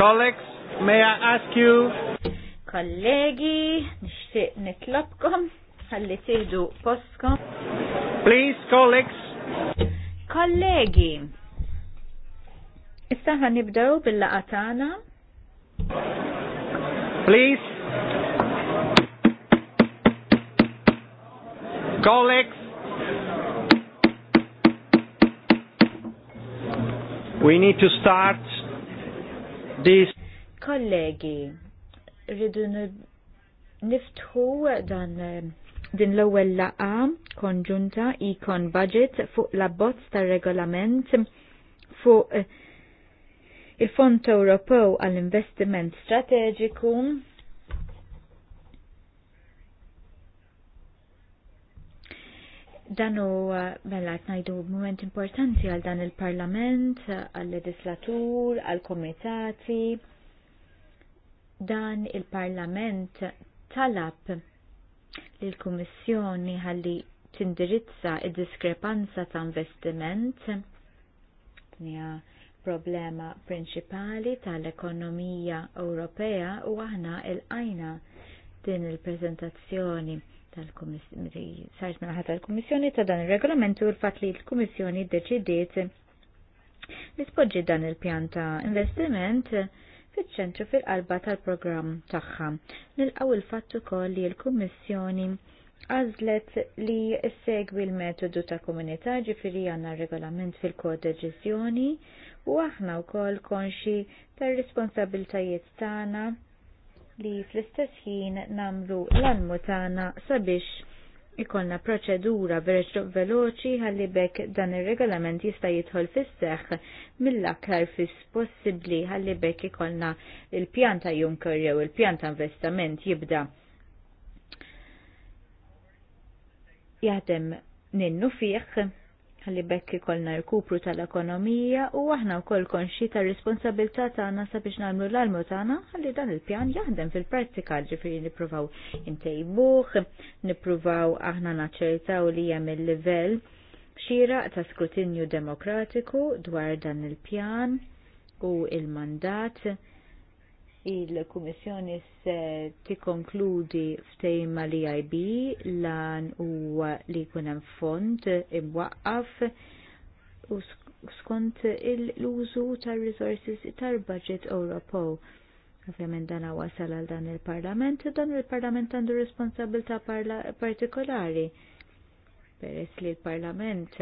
Colleagues, may I ask you? Kollegi, nishtiq nitlobkom ħalli tidu postkom. Please, colleagues. Kollegi, issa ħan nibdew billa laqatana Please. Colleagues. We need to start This... Kollegi, rridu niftħu dan din l-ewwel laqa konġunta ikon budget fuq l-abbozz tar-regolament fuq il-Fond Ewropew għall-Investiment Strateġiku Dan huwa uh, mela najdu moment importanti għal dan il-parlament, uh, għal legislatur, għal komitati. Dan il-parlament talab li l-Kummissjoni ħalli tindirizza id-diskrepanza ta' investiment. hija problema prinċipali tal-ekonomija Ewropea u aħna il-ajna din il-prezentazzjoni tal kommissjoni sarġ tal-Kummissjoni ta' dan ir-regolament u l-fatt li l-Kummissjoni ddeċidiet li dan il-pjan ta' investiment fiċ-ċentru fil-qalba tal-programm tagħha. Nilqgħu il-fatt ukoll li l-Kummissjoni għazlet li segwi l-metodu ta' komunità ġifiri għanna regolament fil-kod deċizjoni u aħna u konxi tar responsabiltajiet tagħna li fl-istess ħin namlu l-anmu tagħna sabiex ikollna proċedura veloċi ħalli bekk dan ir-regolament jista' jidħol fis-seħħ mill-aktar fis possibbli ħalli bekk ikollna il-pjanta Juncker jew il-pjanta investiment jibda jaħdem ninnu fih ħalli bekk ikollna rkupru tal-ekonomija u aħna wkoll konxi ta' responsabilità tagħna sabiex nagħmlu l-almu tagħna ħalli dan il-pjan jaħdem fil-prattika ġifieri nippruvaw intejbuh, nippruvaw aħna naċċertaw li hemm il-livell xira ta' skrutinju demokratiku dwar dan il-pjan u il-mandat il-Kummissjoni se tikkonkludi f'tejma li e ib lan huwa li jkun hemm fond imwaqqaf u skont l-użu tar-resources tal-budget Ewropew. Ovvjament dan wasal għal dan il-Parlament, dan il-Parlament għandu responsabilta partikolari. Peress li l-Parlament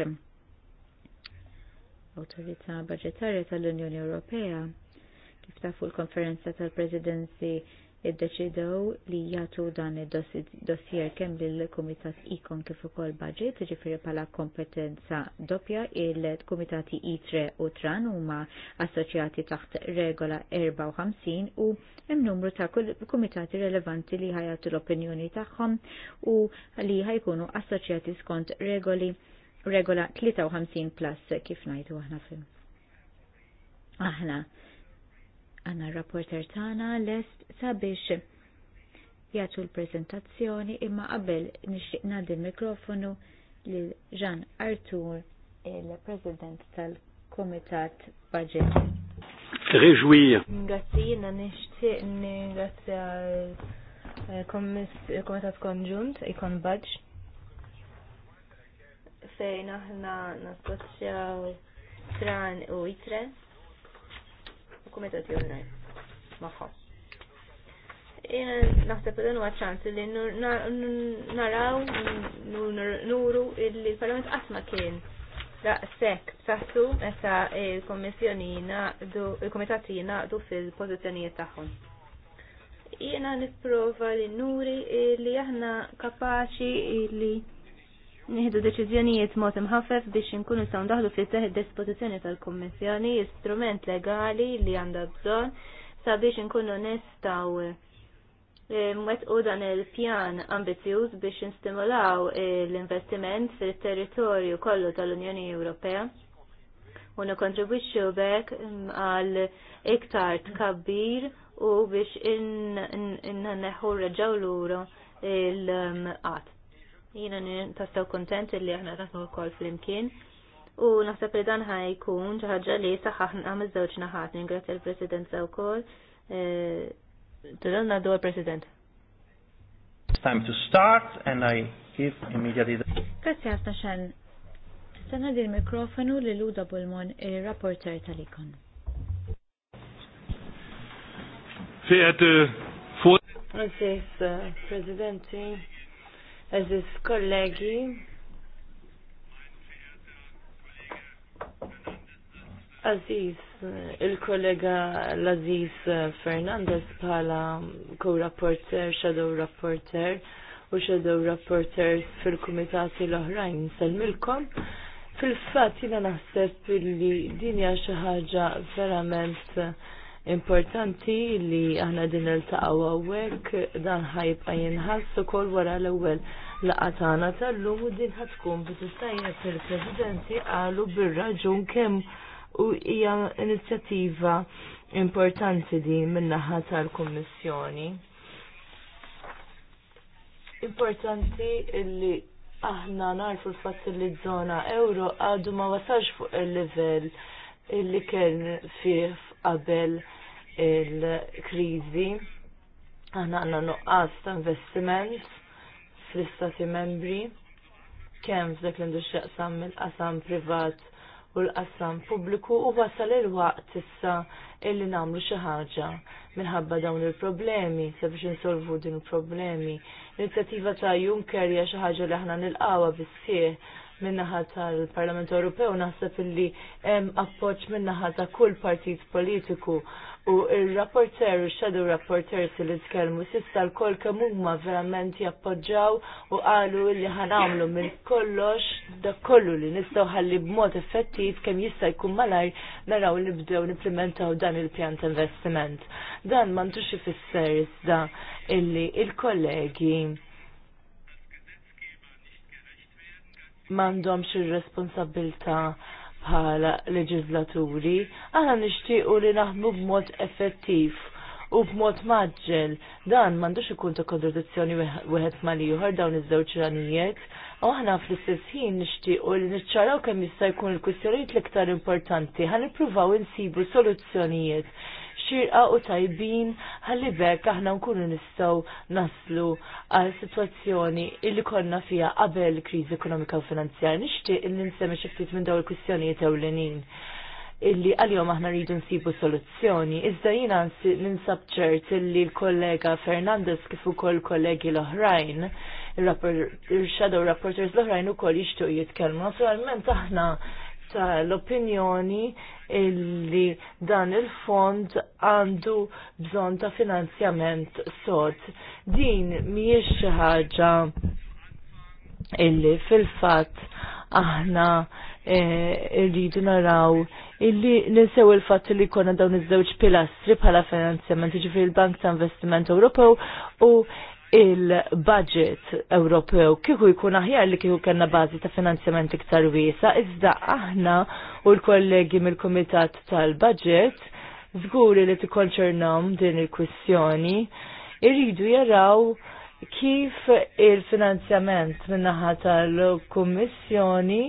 autorità budgetarja tal-Unjoni Ewropea Kif tafu l-konferenza tal-presidenzi iddeċidew li jagħtu dan id-dossier kemm lill-Kumitat Ikon kif ukoll Budget, ġifieri bħala kompetenza doppja il-Kumitati ITRE u TRAN huma assoċjati taħt regola 54 u hemm numru ta' kumitati relevanti li ħajatu l-opinjoni tagħhom u li ħajkunu assoċjati skont regoli regola 53 plus kif ngħidu aħna fil. Aħna Għanna rapporter tana lest sabiex jgħatu l-prezentazzjoni imma qabel nixtieq ngħaddi l-mikrofonu lil Jean Artur, il-President tal-Komitat Budget. Reġwir. Ngazzina nixtieq ningrazzja l-Komitat Konġunt, ikon Budge fejn aħna nassoċjaw tran u itre il-Kumitat Jurnaj. Maħħom. Naħseb li huwa li naraw nuru illi l-Parlament qasma kien daqshekk b'saħħtu meta il-Kommissjoni jingħaqdu il-Kumitati du fil-pożizzjonijiet tagħhom jiena nipprova li nuri li aħna kapaċi li nieħdu deċiżjonijiet mod imħaffef biex inkunu saw ndaħlu fi seħ dispożizzjoni tal-Kummissjoni istrument legali li għandha bżonn sabiex inkunu nistgħu mwet u dan il-pjan ambizjuż biex instimulaw l-investiment fil-territorju kollu tal-Unjoni Ewropea u nikontribwixxu bekk għal iktar tkabbir u biex inneħu reġaw lura il-qatt. Jina nistaw kontent li aħna naħnu kol fl-imkien. U naħseb li dan ħajkun ġaħġa li saħħaħna miż-żewġ naħat. Ningrazzja il president kol. Tudan eh, Tudonna għal President. It's time to start and I give immediately the... Grazie għasna xan. Sanna di mikrofonu li Luda Bulmon, il-rapporter tal-ikon. Fiat, Presidenti, eżis kollegi. Aziz, il-kollega l-Aziz Fernandez bħala co-rapporter, shadow rapporter u shadow rapporter fil-kumitati l-oħrajn salmilkom. Fil-fat jina naħseb li dinja xi ħaġa verament importanti li aħna din il-taqaw għawek dan ħajbqa jinħass ukoll wara l-ewwel laqatana tal-lum u din ħatkun bi tistajjeb il-Presidenti qalu bir-raġun kemm u hija inizjattiva importanti din min-naħa tal-Kummissjoni. Importanti li aħna narfu l-fatt li zona euro għadu ma wasalx fuq il-livell li kien fih qabel il-krizi. Aħna għanna nuqqas ta' investiment fl-istati membri kemm f'dak l-industrija qasam mill-qasam privat u l qasam pubbliku u wasal il-waqt issa illi namlu xi ħaġa minħabba dawn il-problemi sabiex insolvu din il-problemi. L-inizjattiva ta' Juncker hija xi ħaġa li aħna nilqawha min minnaħa tal-Parlament Ewropew naħseb illi hemm appoġġ minnaħa ta' kull partit politiku u il-rapporter, il-shadow rapporters li tkellmu sissa l-kol huma verament jappoġġaw u qalu li ħanamlu minn kollox da kollu li nistgħu ħalli b'mod effettiv kemm jista' jkun malaj naraw li bdew nimplementaw dan il-pjan ta' investiment. Dan m'għandux ifisser iżda illi il-kollegi m'għandhomx ir-responsabilta' bħala leġizlaturi, aħna nixtiequ li naħmu b'mod effettiv u b'mod maġġel. Dan m'għandux ikun ta' kontradizzjoni wieħed mal-ieħor dawn iż-żewġ ranijiet, u aħna fl-istess ħin nixtiequ li niċċaraw kemm jista' jkun il-kwistjonijiet l-iktar importanti ħan nippruvaw insibu soluzzjonijiet xirqa u tajbin ħalli bekk aħna nkunu nistgħu naslu għal sitwazzjoni illi konna fija qabel kriżi ekonomika u finanzjar Nixtieq illi nsemmi xi ftit minn dawn il-kwistjonijiet ewlenin illi għal-jom aħna rridu nsibu soluzzjoni. Iżda jina ninsab ċert illi l-kollega Fernandez kif ukoll kollegi l-oħrajn il-shadow rapporters l-oħrajn u koll jitkellmu jitkelmu. Naturalment aħna tal-opinjoni illi dan il-fond għandu bżon ta' finanzjament sod. Din miex ħaġa illi fil-fat aħna eh, rridu naraw illi ninsew il fat li konna dawn iż-żewġ pilastri bħala finanzjament ġifir il-Bank ta' Investiment Ewropew u il-budget Ewropew kieku jkun aħjar li kieku kellna bażi ta' finanzjament iktar wiesa, iżda aħna u l-kollegi mill-Kumitat tal-Budget żguri li tikkonċernhom din il-kwistjoni irridu jaraw kif il-finanzjament min-naħa tal-Kummissjoni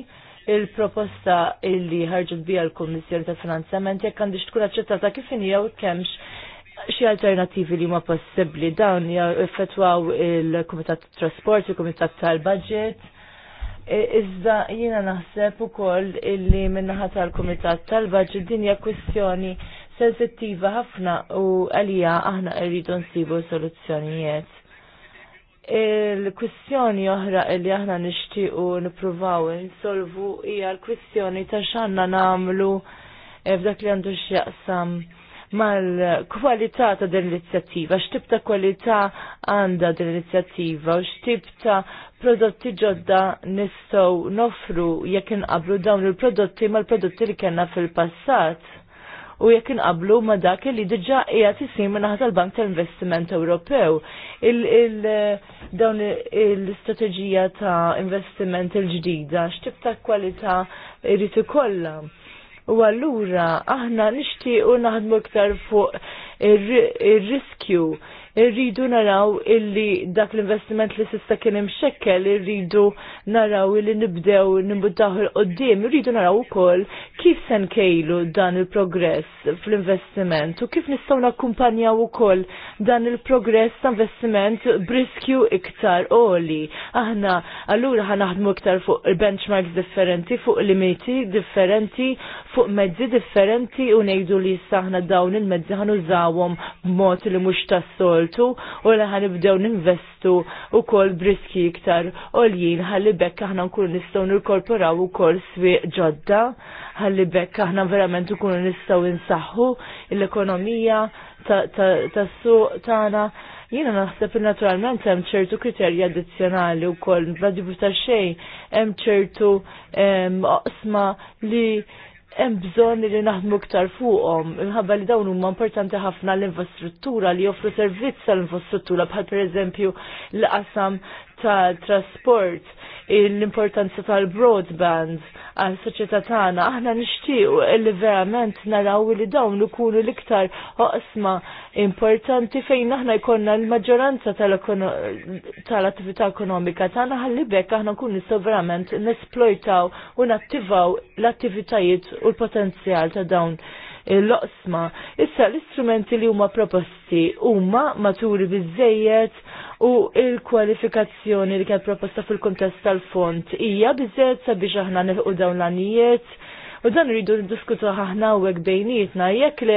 il-proposta illi ħarġet bija l kummissjoni tal Finanzjament jekk għandix tkun aċċettata kif inhi jew kemmx xi alternativi li ma possibbli dawn jaffettwaw il-Kumitat Trasport, il-Kumitat tal-Budget. E, iżda jiena naħseb koll illi minnaħa tal-Kumitat tal-Budget din hija kwistjoni sensittiva ħafna u għalija aħna rridu nsibu soluzzjonijiet. Il-kwistjoni oħra li aħna nixtiequ nippruvaw insolvu hija l-kwistjoni ta' x'għandna nagħmlu eh, f'dak li għandu x'jaqsam mal-kwalità ta' din l-inizjattiva, x'tib ta' kwalità għandha din l-inizjattiva u x'tib ta' prodotti ġodda nistgħu nofru jekk inqablu dawn il-prodotti mal-prodotti li kellna fil-passat u jekk inqablu ma dak li diġà qiegħed isim minn tal-Bank tal-Investiment Ewropew. Dawn l-istrateġija ta' investiment il-ġdida x'tib ta' kwalità irid ikollha U allura aħna nixtiequ naħdmu iktar fuq ir-riskju irridu naraw illi dak l-investiment li sista kien imxekkel, irridu naraw illi nibdew nimbuddaw il-qoddim, irridu naraw ukoll kif sen kejlu dan il-progress fl-investiment u kif nistgħu nakkumpanjaw ukoll dan il-progress ta' investiment briskju iktar oli. Aħna allura ħanaħdmu iktar fuq il-benchmarks differenti, fuq limiti differenti, fuq mezzi differenti u ngħidu li issa aħna dawn il-mezzi ħanużawhom b'mod li mhux tas-sol soltu u li ħanibdew ninvestu u kol briski iktar oljin ħalli bekka aħna nkunu nistgħu nirkorporaw ukoll swieq ġodda ħalli bekk aħna verament nkunu nistgħu insaħħu l-ekonomija tas-suq tagħna. Jiena naħseb naturalment hemm ċertu kriterji addizzjonali wkoll bla dibu ta' xejn hemm ċertu oqsma li hemm bżonn li naħdmu iktar fuqhom, minħabba li dawn huma importanti ħafna l-infrastruttura li joffru servizz għall infrastruttura bħal pereżempju l-qasam tal-trasport l-importanza tal-broadband għal soċjetà tagħna, aħna nixtiequ li verament naraw li dawn ikunu l-iktar oqsma importanti fejn aħna jkollna l-maġġoranza tal-attività ekonomika tagħna ħalli bekk aħna nkunu nistgħu verament nesplojtaw u nattivaw l-attivitajiet u l-potenzjal ta' dawn l-oqsma. Issa l-istrumenti li huma proposti huma maturi biżejjed u il-kwalifikazzjoni li kien proposta fil-kontest tal-font hija biżgħet sabiex aħna nilħu dawn l-anijiet U dan rridu ndiskutu aħna u għek bejnietna, jekk le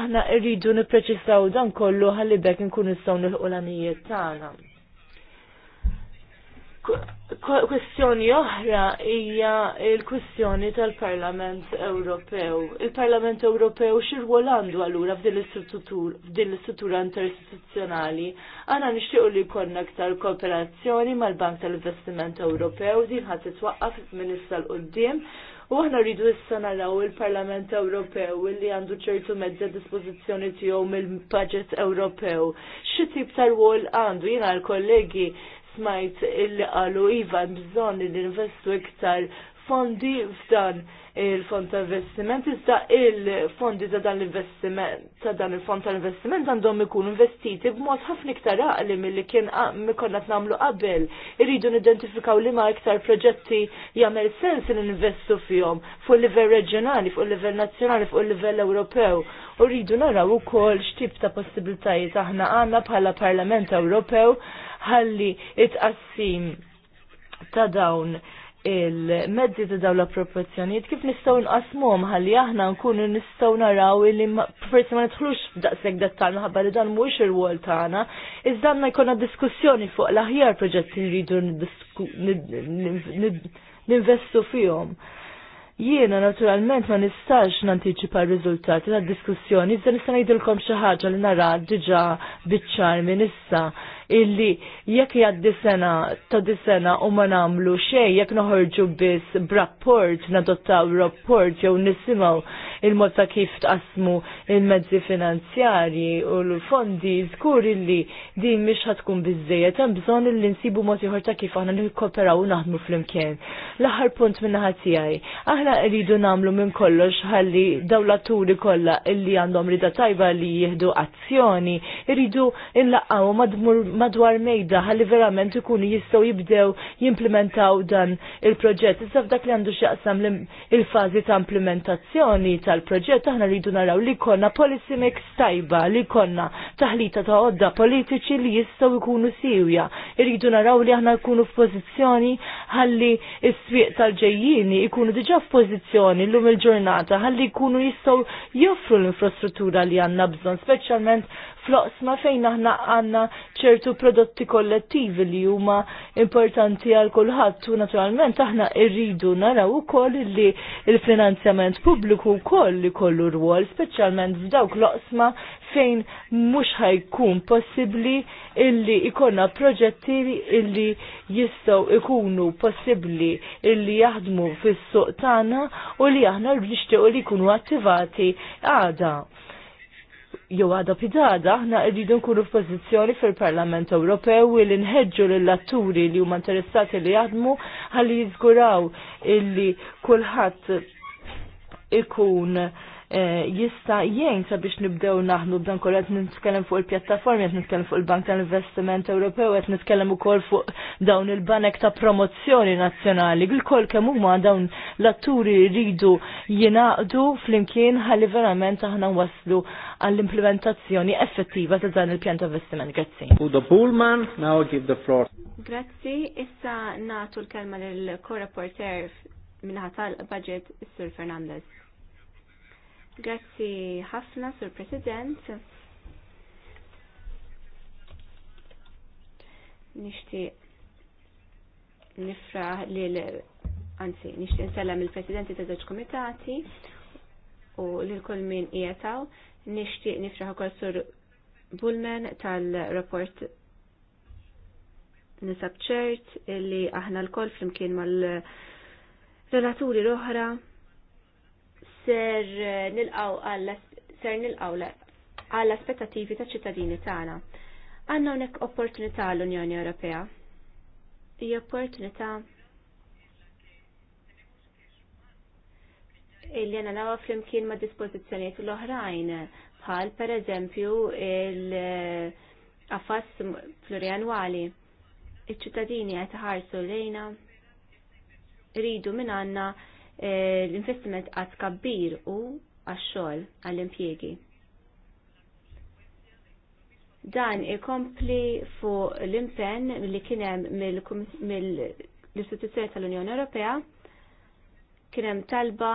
aħna rridu nipreċisaw dan kollu ħalli bekk nkun nistgħu nilħu l tagħna. Kwestjoni oħra hija l-kwestjoni tal-Parlament Ewropew. Il-Parlament Ewropew xirwol għandu allura f'din l-istruttura interistituzzjonali. Għana nixtiequ li jkollna aktar kooperazzjoni mal-Bank tal-Investiment Ewropew din ħadd titwaqqaf minn issa l-qudiem U aħna rridu issa naraw il-Parlament Ewropew li għandu ċertu mezza dispożizzjoni tiegħu mill-budget Ewropew. Xi tip tal-wol għandu jiena l-kollegi smajt illi qalu iva bżonn li investu iktar fondi f'dan il-fond ta' investiment, iżda il-fondi ta' dan l-investiment, ta' dan il-fond ta' investiment għandhom ikunu investiti b'mod ħafna iktar għaqli mill-li kien mikonna namlu qabel. Irridu nidentifikaw li ma' iktar proġetti jagħmel sens li investu fihom fuq il-livell reġjonali, fuq il-livell nazzjonali, fuq il-livell Ewropew. U rridu naraw ukoll x'tip ta' possibilitajiet aħna għandna bħala Parlament Ewropew ħalli it-qassim ta' dawn il-mezzi ta' dawn l-approporzjonijiet kif nistaw nqasmuhom ħalli aħna nkunu nistaw naraw li forsi ma nidħlux f'daqshekk dettal minħabba li dan mhuwiex ir-wol tagħna, iżda għandna jkollna diskussjoni fuq l-aħjar proġetti rridu ninvestu fihom. Jiena naturalment ma nistax nantiċipa r-riżultati tad diskussjoni, iżda nista' ngħidilkom xi ħaġa li nara diġà biċ minn issa illi jekk jgħaddi sena ta' di sena u ma nagħmlu xejn jekk noħorġu biss b'rapport nadottaw rapport jew nisimgħu il-mod ta' kif tqasmu il-mezzi finanzjarji u l-fondi, żgur illi din mhix ħatkun biżejjed, hemm bżonn illi nsibu mod ieħor ta' kif aħna nikkooperaw u naħdmu flimkien. L-aħħar punt minn naħa tiegħi, aħna rridu nagħmlu minn kollox ħalli dawlaturi kollha illi għandhom rida tajba li jieħdu azzjoni, rridu nlaqgħu madwar mejda ħalli verament ikunu jistgħu jibdew jimplementaw dan il-proġett. Iżda f'dak li għandu x'jaqsam il-fażi ta' implementazzjoni tal-proġett aħna rridu naraw li konna policy mix tajba, li konna taħlita ta' odda politiċi li jistgħu jkunu sirja. Irridu naraw li aħna jkunu f'pożizzjoni ħalli s-swieq tal-ġejjini jkunu diġà f'pożizzjoni llum il-ġurnata ħalli jkunu jistgħu joffru l-infrastruttura li għandna bżonn, speċjalment floqsma fejn aħna għanna ċertu prodotti kollettivi li huma importanti għal kulħadd u naturalment aħna irridu naraw ukoll li il-finanzjament pubbliku wkoll li kollu rwol, speċjalment f'dawk loqsma fejn mhux ħajkun possibbli illi ikonna proġetti illi jistgħu ikunu possibbli illi jaħdmu fis-suq tagħna u li aħna nixtiequ li jkunu attivati għada jew għada pidada, aħna rridu nkunu f'pożizzjoni fil-Parlament Ewropew li nħeġġu lill-atturi li huma interessati li jaħdmu ħalli jiżguraw illi kulħadd ikun Eh, jista jgħin sabiex nibdew naħnu b'dan kollu qed nitkellem fuq il-pjattaformi, qed nitkellem fuq il-Bank tal-Investiment Ewropew, qed nitkellem ukoll fuq dawn il-banek ta' promozzjoni nazzjonali. lkoll koll kemm huma dawn l-atturi jridu jingħaqdu flimkien ħalli verament aħna waslu għall-implementazzjoni effettiva ta' dan il-pjan ta' investiment. Grazzi. Udo Pullman, now give the floor. Grazzi, issa natu l-kelma lill korreporter reporter minnaħat tal-budget, Sir Fernandez. Grazzi ħafna, Sur President. Nishti nifra li anzi, nishti nsellem il-Presidenti ta' żewġ komitati u lil kull min ijetaw. nixtieq nifra ukoll Sur Bullman tal-rapport nisab ċert li aħna l fl flimkien mal-relaturi l-oħra Eh, ser nilqaw għall aspettativi ta' ċittadini tagħna. Għandna hawnhekk opportunità l-Unjoni Ewropea. Hi opportunità illi għana nawa flimkien ma' dispozizjoniet l-oħrajn, bħal per eżempju il-affas eh, plurianwali. Iċ-ċittadini għet ħarsu lejna, rridu minn għanna E, l-investiment għad kabbir u għax-xogħol għall-impjiegi. Dan ikompli fuq l-impenn li kien hemm mill-istituzzjoni tal-Unjoni Ewropea kien hemm talba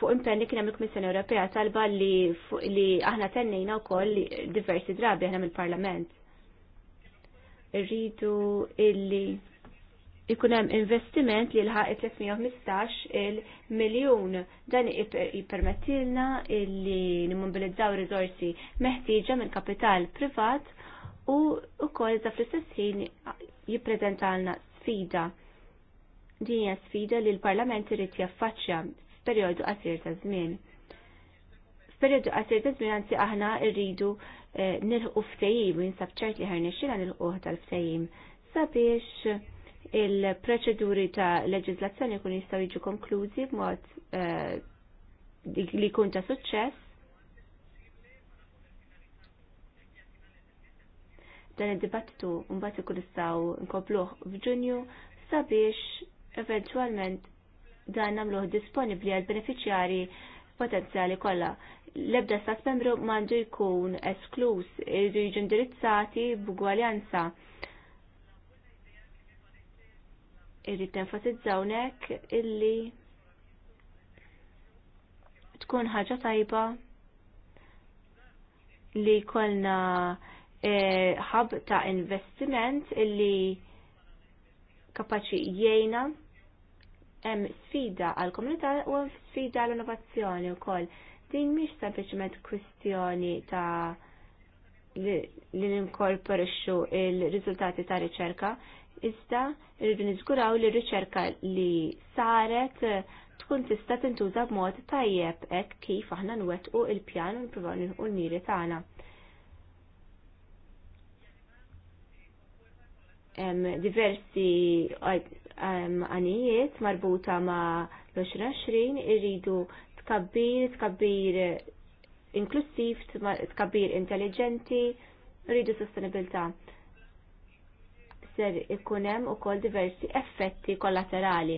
fuq impen kien hemm il-Kummissjoni Ewropea talba li, li aħna tennejna wkoll diversi drabi aħna mill-Parlament. Irridu illi ikun hemm investiment li lħaq 315 il-miljun dan jippermettilna illi nimmobilizzaw riżorsi meħtieġa minn kapital privat u wkoll da fl-istess ħin jippreżentalna sfida. Din hija sfida li l-Parlament irid jaffaċċja f'perjodu qasir ta' żmien. F'perjodu qasir ta' żmien anzi aħna rridu eh, nilħu ftehim u jinsab ċert li ħarnexxina nilħuh tal-ftehim sabiex il-proċeduri ta' leġizlazzjoni kun jistaw jiġu konklużi b'mod uh, li kun ta' suċċess. Dan id-dibattitu mbagħad ikun jistgħu nkompluh f'Ġunju sabiex eventwalment dan nagħmluh disponibbli għal beneficjari potenzjali kollha. L-ebda stat membru m'għandu jkun esklus, irridu jiġu indirizzati b'gwaljanza. irrid tenfasizzawnek illi tkun ħaġa tajba li kolna ħab e, ta' investiment illi kapaċi jgħina hemm sfida għal komunità u sfida għal innovazzjoni wkoll. Din mhix sempliċement kwistjoni ta' li ninkorporixxu il-riżultati ta' riċerka, iżda rridu niżguraw li r-riċerka li saret eh, tkun tista' tintuża b'mod tajjeb hekk kif aħna nwettqu il-pjan u nippruvaw nilħu n-niri tagħna. Diversi għanijiet marbuta ma' l-2020 irridu tkabbir, tkabbir inklusiv, tkabbir intelligenti, rridu sostenibilità ser ikun hemm ukoll diversi effetti kollaterali.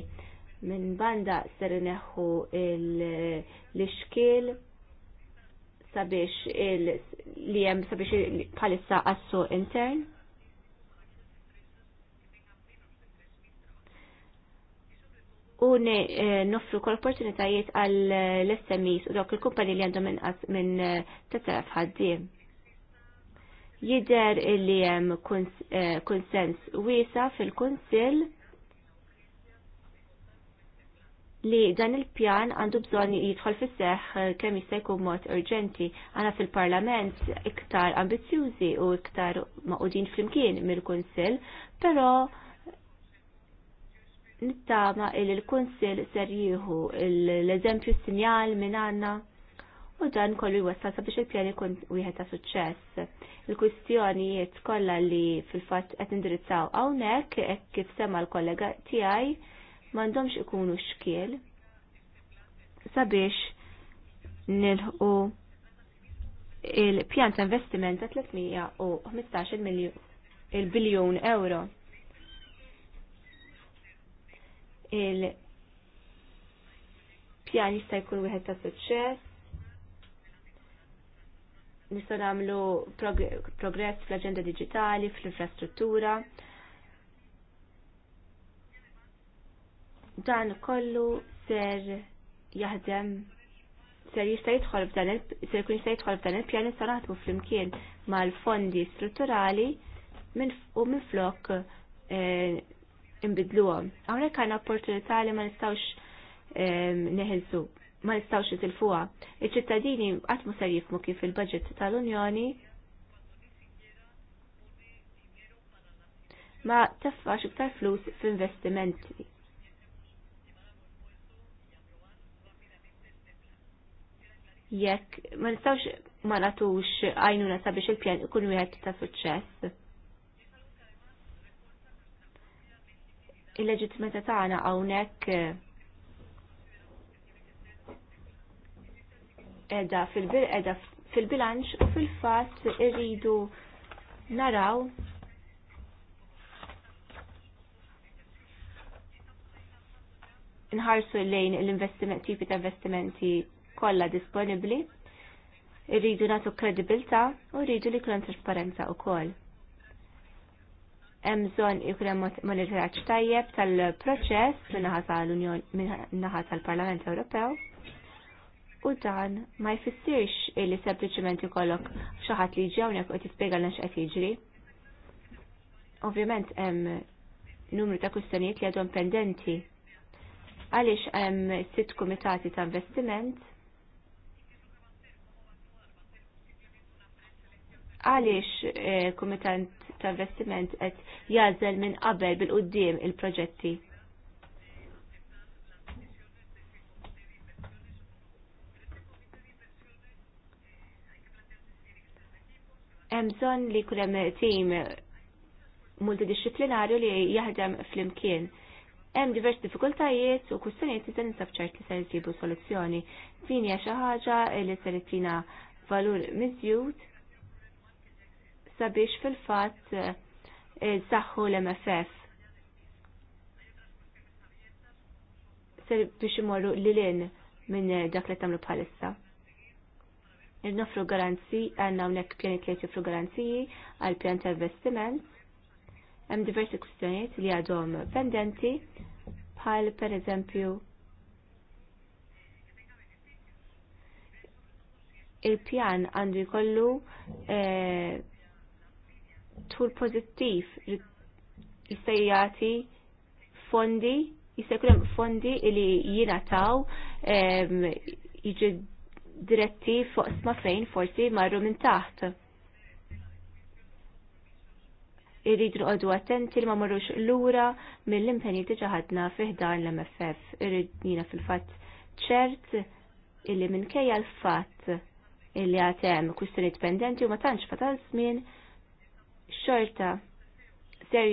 Minn banda ser ineħħu l-ixkil sabiex li hemm sabiex bħalissa assu intern. u nuffru eh, kol opportunitajiet għall smes u dawk il-kumpani li għandhom minn 3000 eh, ħaddiem. Jider illi hemm eh, konsens wiesa fil-Kunsill li dan il-pjan għandu bżon jidħol fis seħħ eh, kemm jista' jkun mod urġenti għana fil-Parlament iktar ambizjużi u iktar maqudin flimkien mill-Kunsill, però nittama il il-Kunsill ser jieħu l-eżempju sinjal minn għanna u dan kollu jwassal sabiex il pjani kun wieħed ta' suċċess. Il-kwistjonijiet kollha li fil-fatt qed indirizzaw hawnhekk hekk kif sema l-kollega tiegħi m'għandhomx ikunu xkiel sabiex nilħu il-pjan ta' investiment ta' 315 il-biljon euro. Il-pjan jista' jkun wieħed ta' suċċess, nistgħu nagħmlu progress fl-aġenda diġitali, fl-infrastruttura. Dan kollu ser jaħdem ser jista' jidħol f'dan ser jkun jista' jidħol f'dan il-pjan issa naħdmu flimkien mal-fondi strutturali u minn flok eh, imbidluhom. Hawnhekk għandna opportunità li ma nistgħux eh, neħilsu ma nistawx jitilfuha. Iċ-ċittadini qatt ma jifmu kif il-budget tal-Unjoni ma teffax iktar flus f'investimenti. Jekk ma nistawx ma natux għajnuna sabiex il-pjan ikun wieħed ta' suċċess. Il-leġittimità tagħna hawnhekk edha fil-bilanċ u fil-fatt irridu naraw nħarsu lejn l-investiment tipi ta' investimenti kollha disponibbli, irridu nagħtu kredibilta u rridu li kun trasparenza wkoll. Hemm bżonn ikun hemm monitoraġġ tajjeb tal-proċess minn naħa tal-Parlament Ewropew u dan ma jfissirx li sempliciment ikollok xaħat li ġi hawnhekk u tispiega l x'qed jiġri. Ovvjament hemm numru ta' kustanijiet li għadhom pendenti għaliex hemm sitt kumitati ta' investiment għaliex eh, kumitant ta' investiment qed jażel minn qabel bil-qudiem il-proġetti hemm bżonn li jkun hemm tim multidisciplinarju li jaħdem flimkien. Hemm divers diffikultajiet u kwistjonijiet li se nisab ċert li se jsibu soluzzjoni. Din hija xi ħaġa li se tina valur miżjud sabiex fil-fatt eh, saħħu l-MFF. Ser biex imorru lilin minn dak li tagħmlu bħalissa nofru garanzi għanna unek pjani li jtjofru garanziji għal pjan ta' investiment. Hemm diversi kwistjonijiet li għadhom pendenti bħal per eżempju il-pjan għandu jkollu eh, tul pozittiv jistajjati fondi jistajkulem fondi li jina taw eh, diretti fuq sma fejn forsi marru minn taħt. Irridu nqogħdu attenti li ma marrux lura mill-impenji diġa ħadna fiħdan l-MFF. Irridina fil-fatt ċert illi minkejja l-fatt illi għatem kustin dipendenti u ma tantx fatal żmien xorta ser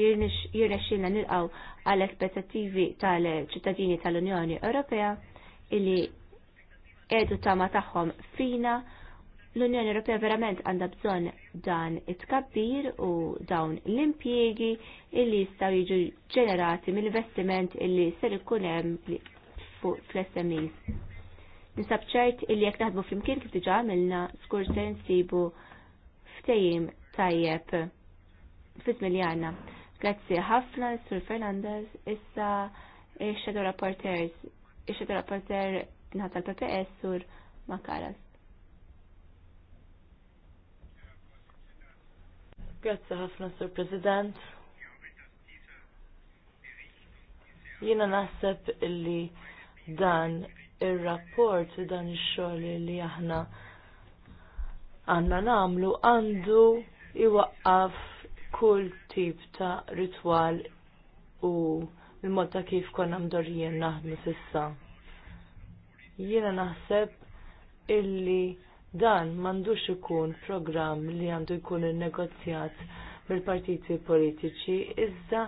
jirnexxilna nilqaw għal espettattivi tal-ċittadini tal-Unjoni Ewropea illi edu tama tagħhom fina. L-Unjoni Ewropea verament għandha bżonn dan it-tkabbir u dawn l-impjiegi illi jistgħu jiġu ġenerati mill-investiment illi ser ikun hemm fuq fl-SMEs. Nisab ċert illi jekk naħdmu flimkien kif diġà għamilna skur se nsibu ftehim tajjeb żmien li għandna. Grazzi ħafna, Sur Fernandez, issa ix-Shadow rapporteurs, ix-Shadow Rapporter tinħat tal-PPS sur Makaras. Grazzi ħafna, Sur President. Jiena naħseb illi dan ir-rapport il dan ix-xogħol li aħna għandna nagħmlu għandu iwaqqaf kull tip ta' ritwal u l-mod ta' kif konna mdorjien naħdmu sissa. Jiena naħseb illi dan m'għandux ikun programm li għandu jkun innegozjat mill-partiti politiċi, iżda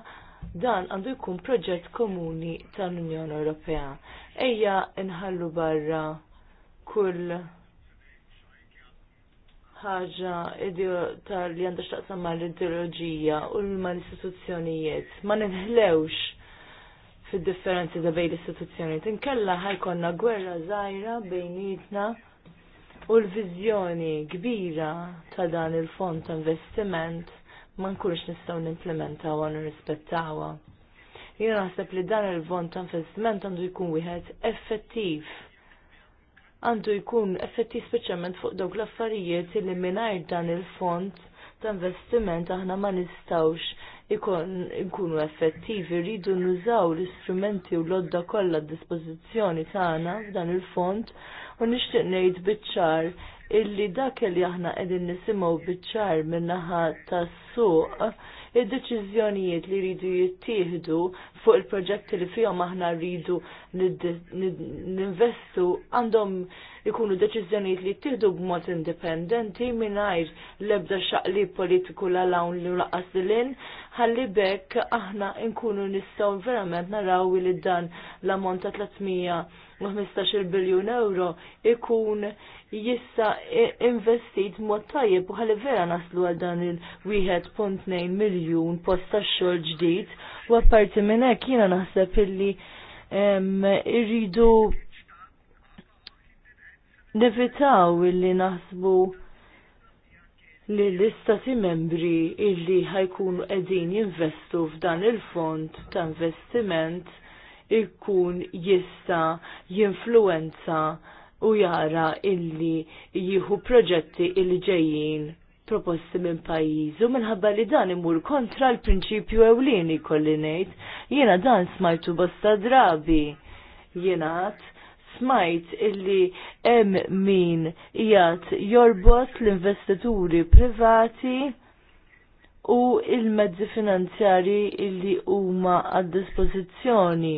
dan għandu jkun proġett komuni tal-Unjoni Ewropea. Ejja nħallu barra kull ħaġa tal li għandu x'taqsam mal-ideoloġija u mal-istituzzjonijiet. Ma nħlewx fil-differenzi ta' bejn l-istituzzjoni. Tinkella ħajkonna gwerra zaħira bejnietna u l-vizjoni kbira ta' dan il-fond ta' investiment ma nkunx nistgħu nimplementaw u nirrispettawha. Jiena naħseb li dan il-fond ta' investiment għandu jkun wieħed effettiv. Għandu jkun effettiv speċjalment fuq dawk l-affarijiet li mingħajr dan il-fond ta' investiment aħna ma nistawx ikunu effettivi, rridu nużaw l-istrumenti u l-odda kollha d-dispożizzjoni tagħna f'dan il-fond u nixtieq ngħid biċ-ċar illi dak li aħna qegħdin nisimgħu biċ-ċar min-naħa tas-suq id-deċiżjonijiet li rridu jittieħdu fuq il-proġetti li fihom aħna rridu ninvestu għandhom ikunu deċiżjonijiet li jittieħdu b'mod indipendenti mingħajr l-ebda xaqli politiku la lawn li laqas lin ħalli bekk aħna nkunu nistgħu verament naraw li dan l-ammont ta' 315 biljun euro ikun jissa investit mod tajjeb u ħalli vera naslu għal dan il-1.2 miljun post ta' xogħol ġdid u apparti minn hekk jiena naħseb illi irridu nevitaw illi naħsbu li l-istati membri illi ħajkunu edin jinvestu f'dan il-fond ta' investiment ikun jista jinfluenza u jara illi jieħu proġetti illi ġejjin proposti minn pajizu minħabba li dan imur kontra l-prinċipju ewlieni kollinejt ngħid. Jiena dan smajtu bosta drabi. Jiena għat smajt illi hemm min jgħat jorbot l-investituri privati u il-mezzi finanzjari illi huma għad dispożizzjoni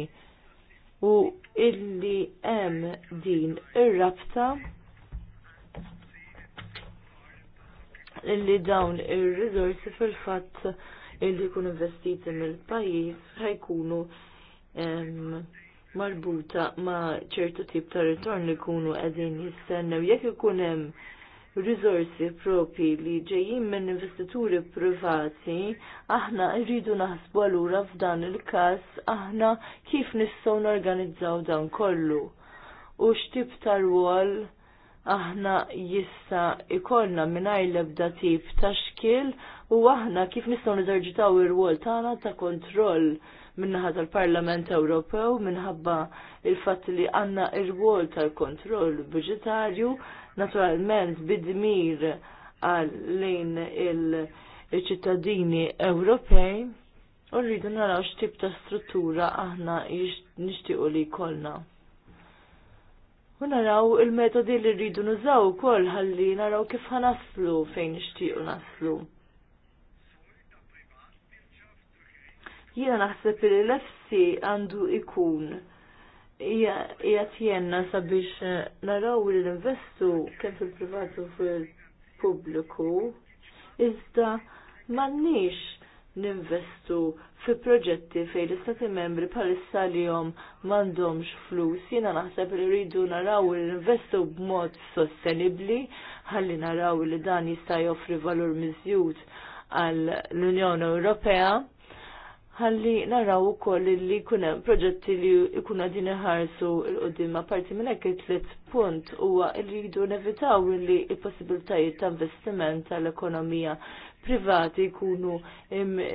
u illi hemm din ir-rabta illi dawn ir-riżorsi fil-fatt illi kun investiti mill-pajjiż ħajkunu marbuta ma' ċertu tip ta' ritorn li kunu għedin jistennew. Jekk ikun hemm risorsi propi li ġejjin minn investituri privati, aħna rridu naħsbu għalura f'dan il-każ aħna kif nistgħu norganizzaw dan kollu. U x'tip ta' rwol aħna jissa ikollna mingħajr l-ebda tip ta' xkil u aħna kif nistgħu niżerġitaw ir-rwol tagħna ta' kontroll minnaħa tal-Parlament Ewropew minħabba il-fatt li għandna il rwol tal-kontroll budgetarju naturalment bidmir għal lejn il-ċittadini Ewropej u rridu naraw x'tip ta' struttura aħna nixtiequ li jkollna. U naraw il-metodi li rridu nużaw ukoll ħalli naraw kif ħanaslu fejn nixtiequ naslu. Jiena naħseb li l-efsi għandu ikun jgħat jenna sabiex naraw l-investu kemm fil-privatu fil-pubbliku iżda m'għandniex ninvestu fi proġetti fej l-istati membri palissa li jom mandomx flus, jina naħseb li rridu naraw li ninvestu b'mod sostenibli, ħalli naraw li dan jista' joffri valur miżjud għal l-Unjoni Ewropea, ħalli naraw ukoll li kunem proġetti li jkunu din iħarsu l qoddima parti minn hekk tliet punt huwa li jridu nevitaw li l-possibiltajiet ta' investiment tal-ekonomija privati jkunu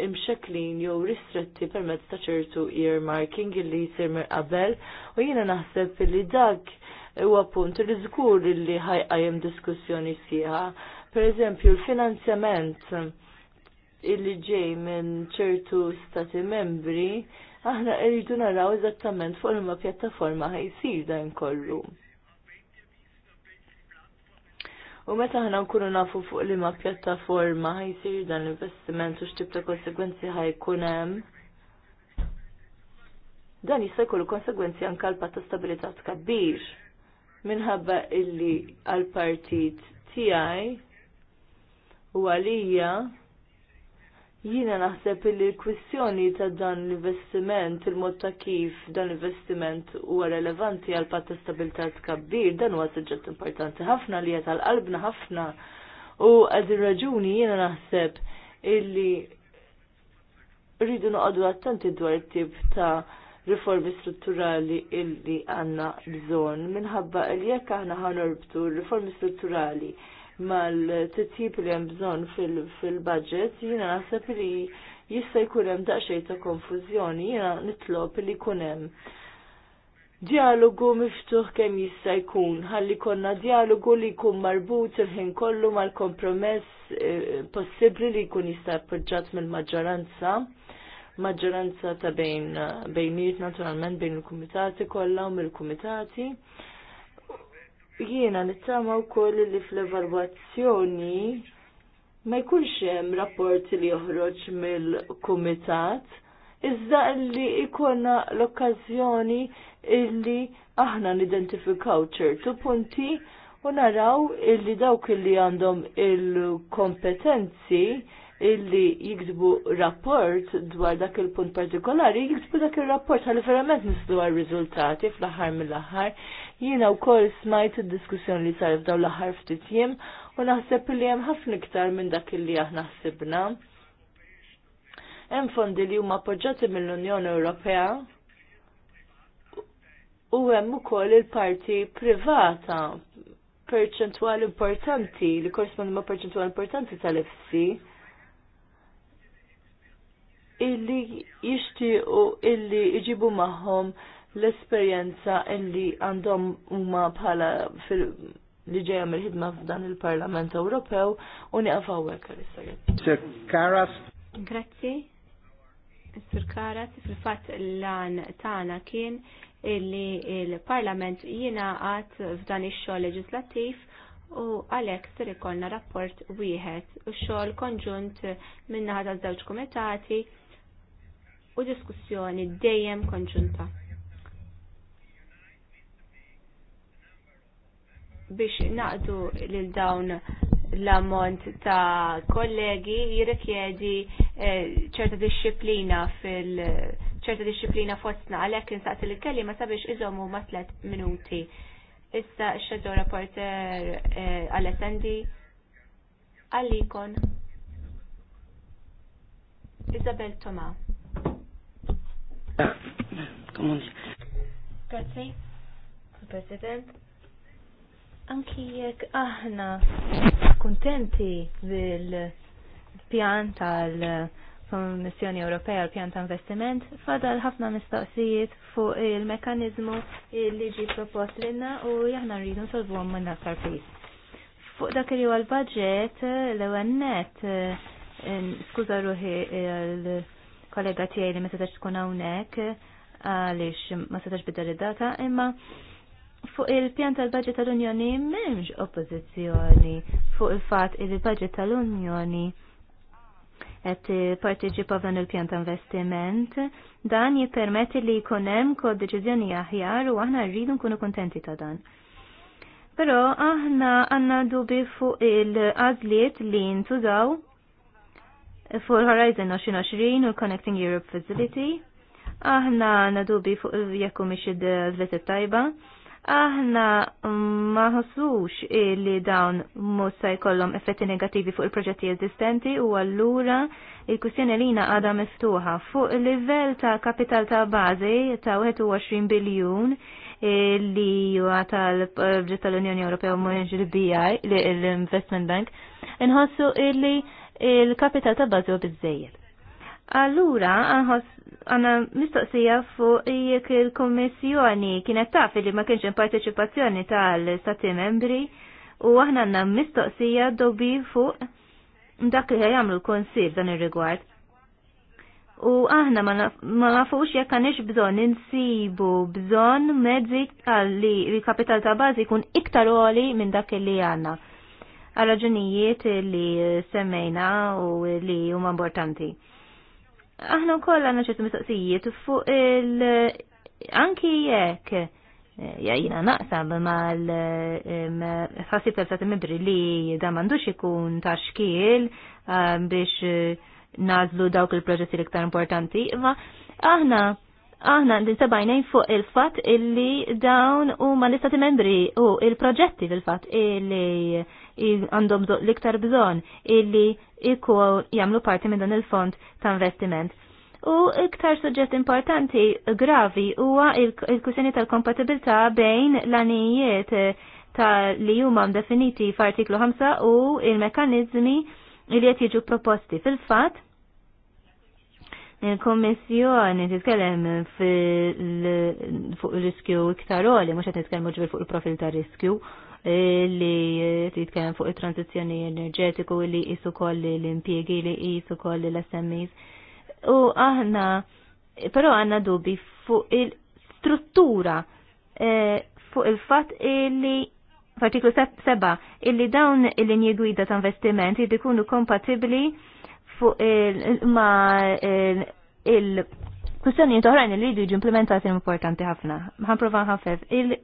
imxeklin jew ristretti permezz ta' ċertu earmarking illi jisir qabel u jiena naħseb li dak huwa appunt li żgur li ħajqajem diskussjoni sieħa. Per eżempju, l-finanzjament illi ġej minn ċertu stati membri, aħna rridu naraw eżattament fuq ma pjattaforma ħajsir dan kollu. U meta ħna nkunu nafu fuq li ma pjattaforma ħajsir dan l-investiment u x'tib ta' konsegwenzi ħajkun hemm. Dan jista' jkollu konsegwenzi anke għal ta' stabilità tkabbir minħabba illi għal partit tiegħi u għalija Jina naħseb li l-kwistjoni ta' dan l-investiment, il-mod ta' kif dan l-investiment huwa relevanti għal patta stabilità tkabbir, dan huwa suġġett importanti ħafna li għal qalbna ħafna u għad raġuni jina naħseb illi rridu noqogħdu attenti dwar it-tip ta' riformi strutturali illi għanna bżonn minħabba li jekk aħna ħanorbtu riformi strutturali mal-titjib li hemm bżonn fil-budget, jiena naħseb li jista' jkun hemm daqsxejn ta' konfużjoni, jiena nitlob li jkun hemm dialogu miftuħ kemm jista' jkun, ħalli konna dialogu li jkun marbut il-ħin kollu mal-kompromess eh, possibbli li jkun jista' appoġġjat mill-maġġoranza maġġoranza ta' bejn bejn naturalment bejn il-kumitati kollha u mill-kumitati jiena nittama wkoll li fl-evalwazzjoni ma jkunx hemm rapport li joħroġ mill-kumitat iżda li ikonna l-okkażjoni illi aħna nidentifikaw ċertu punti u naraw illi dawk illi għandhom il-kompetenzi illi jiksbu rapport dwar dak il-punt partikolari, jiksbu dak il-rapport għalli verament nislu għal riżultati fl-aħħar mill-aħħar. Jiena wkoll smajt id-diskussjoni li sar daw l-aħħar ftit jiem u naħseb li hemm ħafna iktar minn dak illi aħna ħsibna. Hemm fondi li huma appoġġjati mill-Unjoni Ewropea u hemm ukoll il-parti privata perċentwal importanti li korrispondi ma' perċentwal importanti tal-FC illi jixtiequ illi jġibu magħhom l-esperjenza illi għandhom huma bħala fil li ġeja mill-ħidma f'dan il-Parlament Ewropew u nieqaf hawnhekk għalissa. Sir Karas. Grazzi. Sir Karas, fil-fatt l-għan tagħna kien illi il-Parlament jiena għat f'dan ix-xogħol leġislattiv u għalhekk sir ikollna rapport wieħed u xogħol konġunt minnaħa taż-żewġ kumitati u diskussjoni dejjem konġunta. Biex naqdu lil dawn l-ammont ta' kollegi jirrikjedi eh, ċerta disċiplina fil- ċerta disċiplina fostna għalhekk insaqsi l-kelliema sabiex iżommu ma' tlet minuti. Issa x-xedow rapporter eh, għal-SND għallikon Isabel Toma. Grazie, President. Anki jekk aħna kontenti bil-pjan tal-Kommissjoni Ewropea l-pjan ta' investiment, fadal ħafna mistoqsijiet fuq il-mekanizmu li ġi propost l u jahna rridu nsolvu għom minna sarfis. Fuq dak li huwa l-budget l-ewennet, eh, skuza ruħi eh, l- kollega tiegħi li ma setax tkun hawnhekk għaliex ma setax bidel id-data, imma fuq il-pjan tal-budget tal-Unjoni m'hemmx oppożizzjoni fuq il-fatt li il budget tal-Unjoni qed partiċipa f'dan il-pjan ta' investiment, dan jippermetti li jkun hemm kod deċiżjoni aħjar u aħna rridu nkunu kontenti ta' dan. Però aħna għandna dubi fuq il-għażliet li ntużaw fuq Horizon 2020 u Connecting Europe Facility. Aħna nadubi fuq jekku miex id-vizit tajba. Aħna ma ħossux li dawn mhux se jkollhom effetti negattivi fuq il-proġetti eżistenti u allura il li lina għadha miftuħa fuq il-livell ta' kapital ta' bażi ta' 21 biljun li huwa tal-proġett tal-Unjoni Ewropea u il-BI l-Investment Bank. Inħossu illi il-kapital ta' bażi bizzejjed. Allura, għanna mistoqsija fuq jek il-Kommissjoni kienet taf li ma kienx partecipazzjoni tal-Stati membri u aħna għanna mistoqsija dobi fuq dak li għajamlu l-konsil dan ir-rigward. U aħna ma nafux jekk għandix bżonn insibu bżonn mezzi għalli il-kapital ta' bażi jkun iktar għoli minn dak li għandna għal raġunijiet li semmejna u li huma importanti. Aħna wkoll għandna ċertu mistoqsijiet fuq il anki jekk jajina naqsam l ħassib tal-sat mibri li da mandux ikun ta' xkiel biex nazlu dawk il-proġetti l-iktar importanti, ma aħna aħna nintabajnejn fuq il-fat illi dawn u ma l-istati membri u il-proġetti fil-fat illi għandhom l-iktar bżon illi iku jamlu parti minn dan il-fond ta' investiment. U iktar suġġett importanti gravi huwa il kusjoni tal-kompatibilità bejn l-anijiet ta' li huma definiti f'artiklu 5 u il-mekanizmi li qed jiġu proposti fil-fatt il-Kommissjoni titkellem fuq riskju iktar għoli mhux qed nitkellmu ġbir fuq il-profil ta' riskju eh, li titkellem fuq it transizzjoni enerġetiku li qisu koll l impjiegi li qisu koll l-SMEs. U aħna però għandna dubi fuq il-struttura eh, fuq il-fatt li partiklu seba, illi dawn il-linji gwida ta' investimenti jkunu kompatibbli fuq ma il kwistjonijiet oħrajn li jridu jiġu implementati importanti ħafna. Ħanprova ħafef. il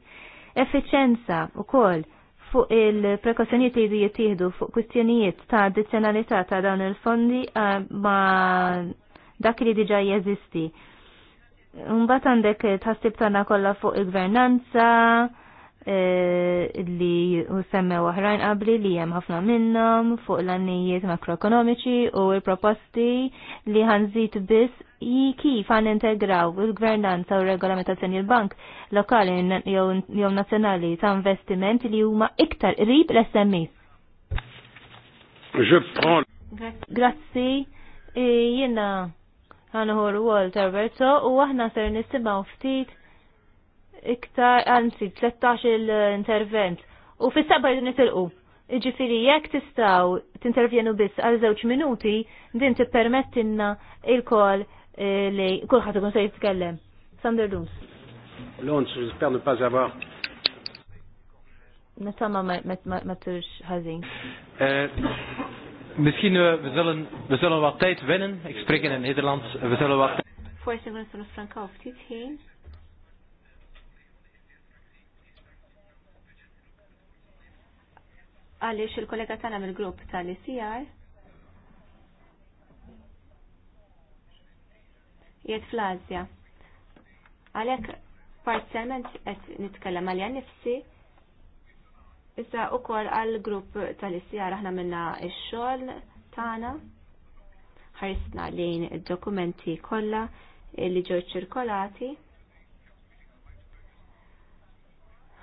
effiċjenza wkoll fuq il-prekazzjonijiet li jridu jittieħdu fuq kwistjonijiet ta' addizzjonalità ta' dawn il-fondi eh, ma' dak li diġà jeżisti. Mbagħad għandek tħassib tagħna kollha fuq il-gvernanza, il gvernanza Eh, li semmew oħrajn qabli li hemm ħafna minnhom fuq l-annijiet makroekonomiċi u l-proposti li ħanżit biss kif għan integraw il-gvernanza u regolamentazzjoni l-bank lokali jew nazzjonali ta' investiment li huma iktar qrib l semmi Grazzi, eh, jiena ħanħor Walter Berto u aħna ser nisimgħu ftit iktar, anzi, 13 il-intervent. U fis-saba jridu nitilqu. Iġifiri, jek tistaw t-intervjenu bis għal zewċ minuti, din t-permettinna il-kol eh, li kullħat għun sejt t-kellem. Sander Dums. Lons, j'espère ne pas avoir. Nittama ma turx ħażin. Eh, Misschien eh, we zullen, we zullen wat tijd winnen. Ik spreek in het Nederlands. We zullen wat. Voorzitter, we zullen Frank Hoofd ftit heen. għaliex il-kollega tagħna mill-grupp tal-ICR jiet fl-Azja. Għalhekk parzialment qed nitkellem għalja nifsi issa ukoll għall-grupp tal-ICR aħna minna il xogħol tagħna ħarisna lejn id-dokumenti kollha li ġew ċirkolati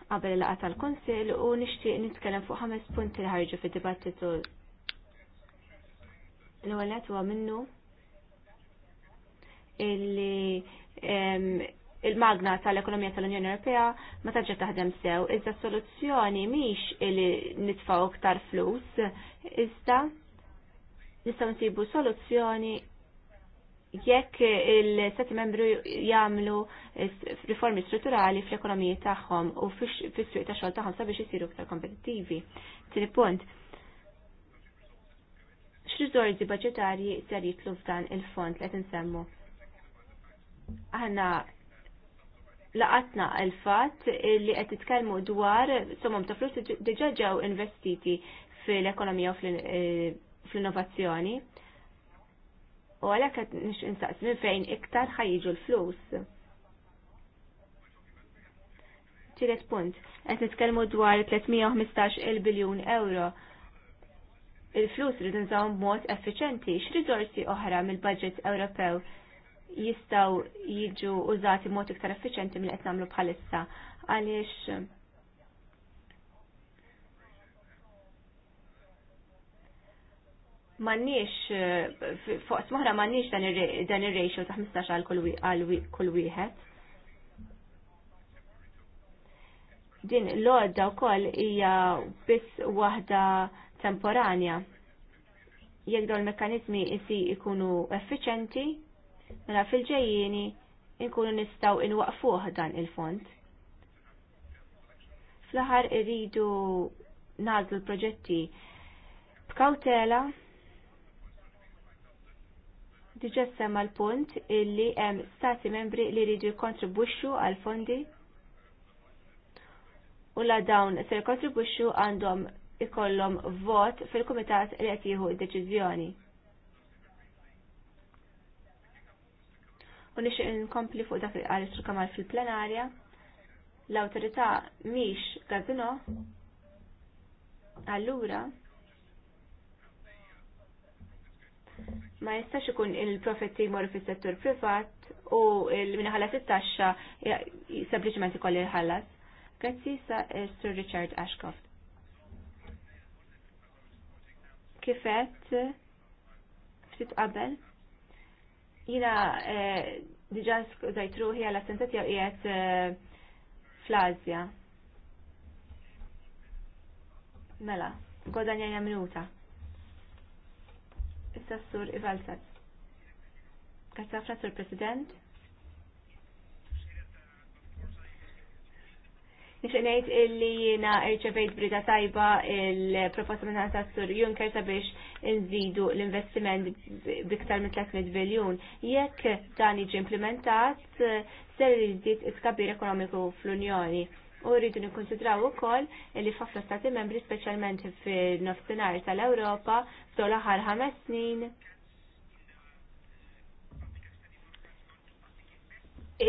qabel laqa tal-Kunsil u nixtieq nitkellem fuq ħames punti li ħarġu fid-dibattitu. L-ewwel huwa minnu illi il-magna tal-ekonomija tal-Unjoni Ewropea ma tarġa' taħdem sew, iżda soluzzjoni mhix illi nitfgħu iktar flus, iżda nistgħu nsibu soluzzjoni jekk il-Stati membru jagħmlu riformi strutturali fl-ekonomiji tagħhom u fil suq ta' xogħol tagħhom sabiex isiru ktar kompetittivi. Tini punt. X'riżorsi budgetari ser jitlu f'dan il-fond qed insemmu? Aħna laqatna l-fatt li qed titkellmu dwar somom ta' flus diġà ġew investiti fil-ekonomija u eh, fl-innovazzjoni. U għalhekk qed nix insaqs minn fejn iktar ħajjiġu l-flus. Tiret punt, qed nitkellmu dwar 315 il-biljun euro. Il-flus rridu nżaw b'mod effiċenti, x'riżorsi oħra mill-budget Ewropew jistgħu jiġu użati mod iktar effiċenti mill qed nagħmlu bħalissa għaliex m'għandniex eh, fuq smoħra m'għandniex dan ir-ratio ta' 15 għal kull wieħed. Din l-għodda wkoll hija biss waħda temporanja. Jekk dawn il-mekkaniżmi isi jkunu effiċenti, mela fil-ġejjieni nkunu nistgħu inwaqfuh dan il-fond. Fl-aħħar iridu nażlu l-proġetti b'kawtela diġa semma l-punt illi hemm stati membri li jridu jikkontribwixxu għal fondi u la dawn se jikkontribwixxu għandhom ikollhom vot fil-kumitat li qed jieħu d-deċiżjoni. U nixtieq inkompli fuq dak li kamal fil-plenarja l-awtorità mhix gazino allura ma jistax ikun il-profetti jmorru fis-settur privat u minħallas it-taxxa sempliċement ikolli ħallas. Grazzi sa eh, Sir Richard Ashcroft. Kifet ftit qabel jina diġan zajtru hija la sentet jaw jiet fl-Azja. Mela, godan jgħja minuta. Issa sur Ivalsat. Għazafra sur President. Nixenajt illi jina irċevejt brida tajba il-proposta minna ta' sur Juncker sabiex nżidu l-investiment biktar minn 300 biljon. Jekk dan jiġi implementat, ser jiżdied iskabir ekonomiku fl-Unjoni u rridu nikkonsidraw ukoll li f'ħafna stati membri speċjalment fin-nofsinhar tal-Ewropa ftol aħħar ħames snin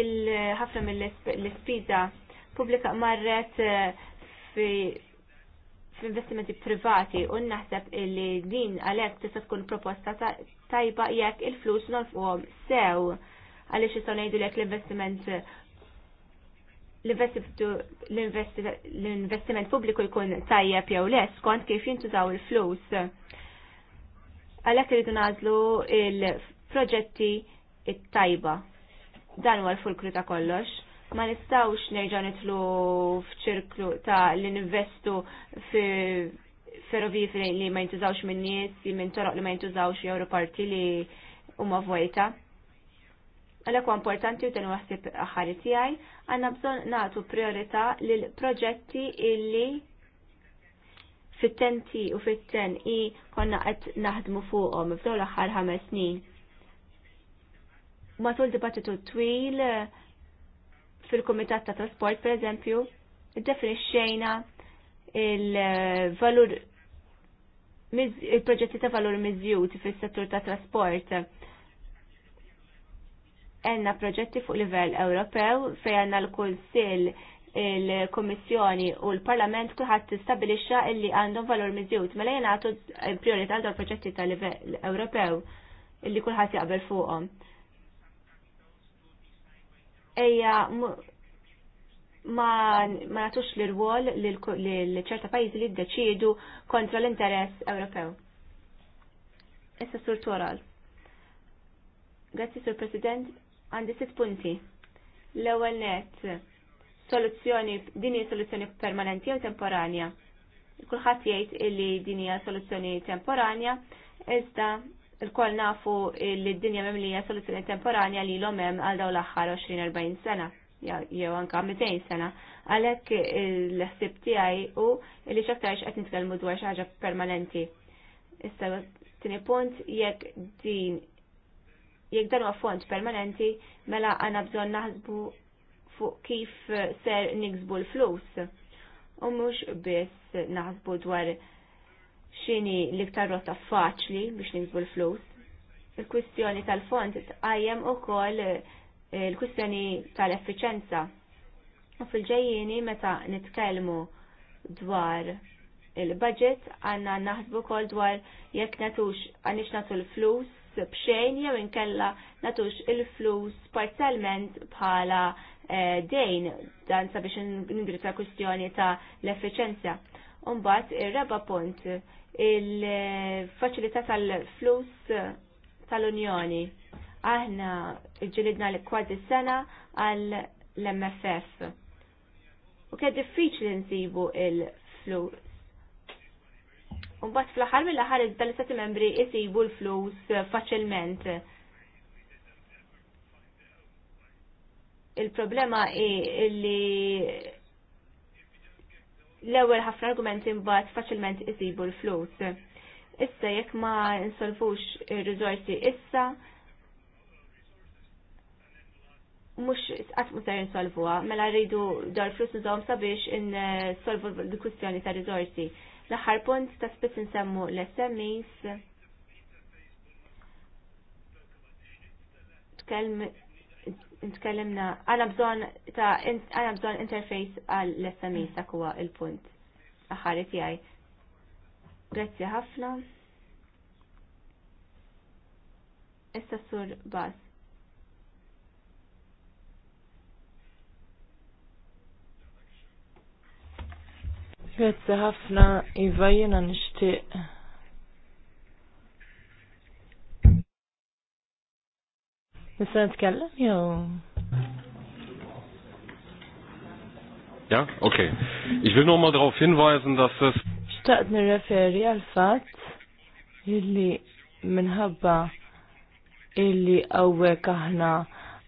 il-ħafna mill-ispiża pubblika marret eh, fi f'investimenti privati u naħseb li din għalhekk tista' tkun proposta tajba jekk il-flus nolfuhom sew għaliex jistgħu ngħidu lek l-investiment l-investiment pubbliku jkun tajjeb jew le skont kif jintużaw il-flus. Għalhekk irridu nażlu il-proġetti it-tajba. Dan huwa l-fulkru ta' kollox. Ma nistgħux nerġa' nitlu f'ċirklu ta' li ninvestu fi ferroviji li ma jintużawx minn nies, minn toroq li ma jintużawx jew li huma vojta Għalek importanti u ten waħsib ħari tijaj, għanna bżon natu priorita l-proġetti illi fit-tenti u fit-ten i konna għed naħdmu fuqom f'daw l-axħar ħames snin. Matul dibattitu twil eh, fil-Komitat ta' Trasport, per eżempju, id-definixxejna il-valur il-proġetti ta' valur miżjut fis-settur ta' trasport għanna proġetti fuq livell Ewropew fej għanna l-Kunsil il komissjoni u l-Parlament kuħat stabilixa illi għandhom valur miżjut. Mela jena għatu priorità għal proġetti tal livell Ewropew illi kuħat jaqbel fuqhom. Ejja ma nagħtux l-irwol li ċerta pajjiżi li d-deċidu kontra l-interess Ewropew. Issa Sur Toral. Grazzi Sur President, Għandi sitt punti. L-ewwel net soluzzjoni din hija soluzzjoni permanenti jew temporanja. Kulħadd jgħid illi din hija soluzzjoni temporanja, iżda lkoll kol nafu li d-dinja mem li hija soluzzjoni temporanja li l hemm għal dawn l-aħħar 20-40 sena jew anka 200 sena. Għalhekk l-ħsieb tiegħi hu li x'aktarx qed nitkellmu dwar xi ħaġa permanenti. Issa tini punt jekk din jekk dan huwa permanenti, mela għandna bżonn naħsbu fuq kif ser niksbu l-flus. U mhux biss naħsbu dwar xini l-iktar rota faċli biex niksbu l-flus. Il-kwistjoni tal-fond tqajjem ukoll eh, il-kwistjoni tal-effiċenza. U fil-ġejjini meta nitkellmu dwar il-budget għanna naħsbu kol dwar jekk natux għanix natu l-flus b'xejn jew inkella natux il-flus parzialment bħala eh, dejn dan sabiex ta' kwistjoni ta' l efficienza Umbat ir-reba punt il-faċilità tal-flus tal-Unjoni. Aħna ġilidna l kważi sena għal l-MFF. U diffiċ diffiċli nsibu il-flus bat fl-ħar mill-ħar dal-istati membri jisibu l-flus eh, faċilment. Il-problema i li l-ewel ħafna argumenti mbagħad faċilment isibu l-flus. Issa jekk ma insolvux ir-riżorsi issa, mux għat musar insolvuha, mela rridu dar flus nizom sabiex insolvu l-kustjoni ta' rizorsi. L-aħħar punt ta' spiss nsemmu l-SMEs. Tkellimna, għana bżon ta' għana bżon interface għal l-SMEs ta' kuwa il-punt. Aħħar tijaj. Grazzi ħafna. Issa sur bas. Grazzi ħafna, Iva, jena nishtiq. Nisa nitkellem, jew? Ja, okay. Ich will nur mal darauf hinweisen, dass es... Staqt nirreferi għal-fat illi minħabba illi għawek aħna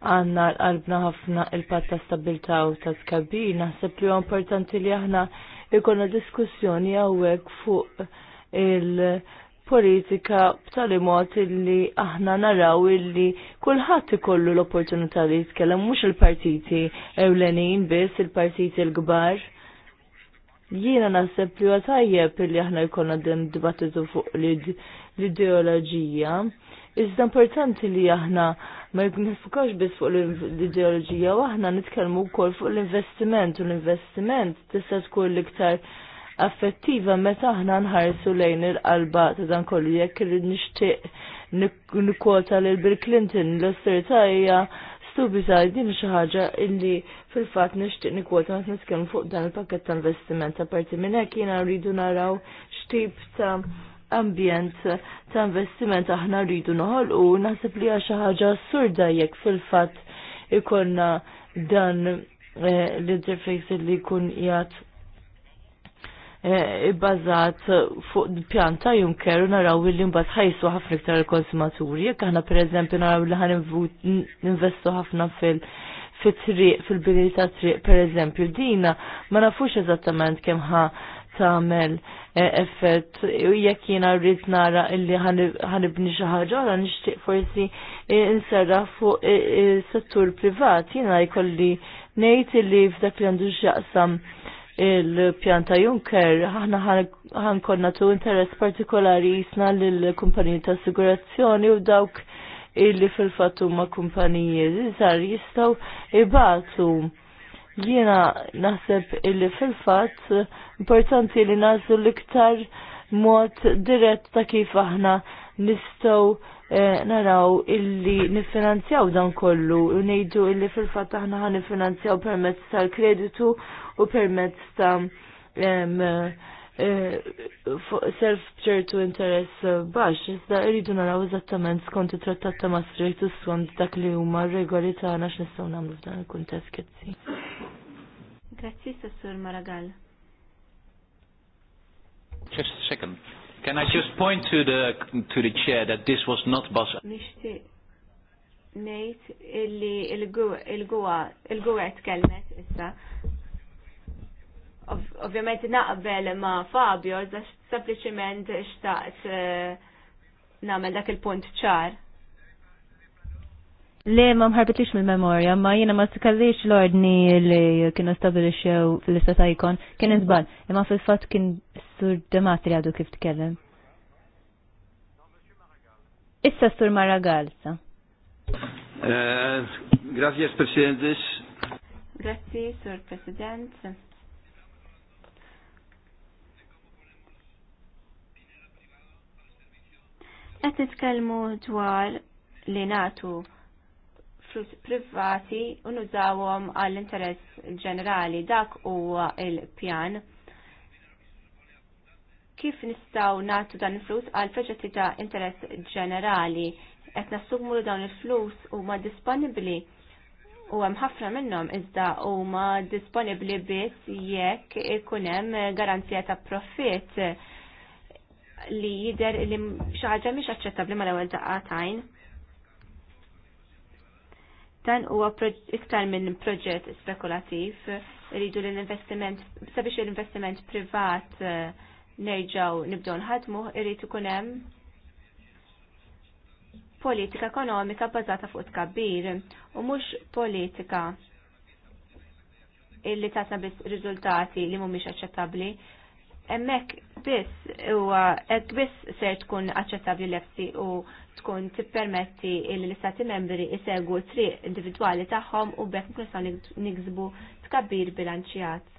għanna l-qalbna ħafna il patta ta' stabilta u ta' skabir, naħseb li importanti li aħna ikonna diskussjoni għawek fuq il-politika b'tali mod illi aħna naraw illi kulħadd ikollu l-opportunità li jitkellem mhux il-partiti ewlenin biss il-partiti l-kbar. Jiena naħseb li huwa tajjeb illi aħna jkollna dem dibattitu fuq l-ideoloġija. Iżda importanti li aħna ma nifukax biss fuq l-ideoloġija u aħna nitkellmu wkoll fuq l-investiment u l-investiment tista' tkun l-iktar affettiva meta aħna nħarsu lejn il-qalba ta' dan kollu jekk irid nixtieq nikkwota lil Bill Clinton l-austerità hija stupida din xi ħaġa illi fil-fatt nixtieq nikkwota meta nitkellmu fuq dan il-pakket ta' investiment apparti minn hekk jiena rridu naraw x'tip ta' ambjent ta' investiment aħna rridu noħol u naħseb li għaxa ħaġa surda jekk fil-fat ikonna dan eh, l-interface li kun jgħat eh, ibbażat fuq pjanta junker u naraw li mbagħad ħajsu ħafna iktar il-konsumaturi. Jekk aħna pereżempju naraw li ħan investu ħafna fil- fit-triq, fil bini ta' triq, per eżempju, dina ma nafux eżattament kemm ħa tagħmel eh, effett u jekk jiena rrid nara illi ħanibni xi ħaġa nishtiq nixtieq forsi insarra eh, fuq is-settur eh, privat jiena jkolli ngħid illi f'dak li għandu x'jaqsam il-pjanta Junker ħana ħankonna tu interess partikolari jisna lill-kumpaniji ta' assigurazzjoni u dawk illi fil-fatt huma kumpaniji jistaw jistgħu ibatu Jiena naħseb illi fil-fatt importanti li nazlu l-iktar mod dirett ta' kif aħna nistgħu eh, naraw illi nifinanzjaw dan kollu u nejdu illi fil-fat aħna ħan nifinanzjaw permezz tal-kreditu u permezz ta' uh self interest interess eh, baxx, iżda irridu naraw eżattament skont it-trattat ta' Maastricht u skont dak li huma regoli tagħna x'nistgħu nagħmlu f'dan il-kuntest kitsi. Grazzi, Sassur Maragall. Just a second. Can I just point to the to the chair that this was not Bas? Nishti Nate illi il gu il il-gua tkellmet issa Ovvjament naqbel ma Fabio, da sempliciment xtaqt eh, namel dak il-punt ċar. Le, ma mħarbitlix mill-memorja, ma jina ma s kallix l-ordni li kienu stabilixew fil-istat ikon, kien izbal, imma fil-fat kien sur dematri għadu kif t-kellem. Issa sur Marra sa. Eh, Grazie, Presidentis. Grazie, Sur President. Qed nitkellmu dwar li natu flus privati u nużawhom għall-interess ġenerali dak huwa il-pjan. Kif nistgħu natu dan il-flus għal proġetti ta' interess ġenerali qed nassumu li dawn il-flus huma disponibbli u hemm ħafna minnhom iżda huma disponibbli biss jekk ikun hemm garanzija ta' profitt li jider li xaħġa miex aċċettabli ma l-ewel taqqatajn. Dan huwa iktar minn proġett spekulativ, rridu l-investiment, sabiex l-investiment privat eh, nerġaw nibdew nħadmu, irrid ikun hemm politika ekonomika bazata fuq tkabbir u mhux politika illi tagħna biss riżultati li mhumiex aċċettabbli emmek biss huwa hekk biss ser tkun aċċettabbli l u tkun tippermetti li l-istati membri isegwu triq individwali tagħhom u bekk nistgħu niksbu tkabbir bilanċjat.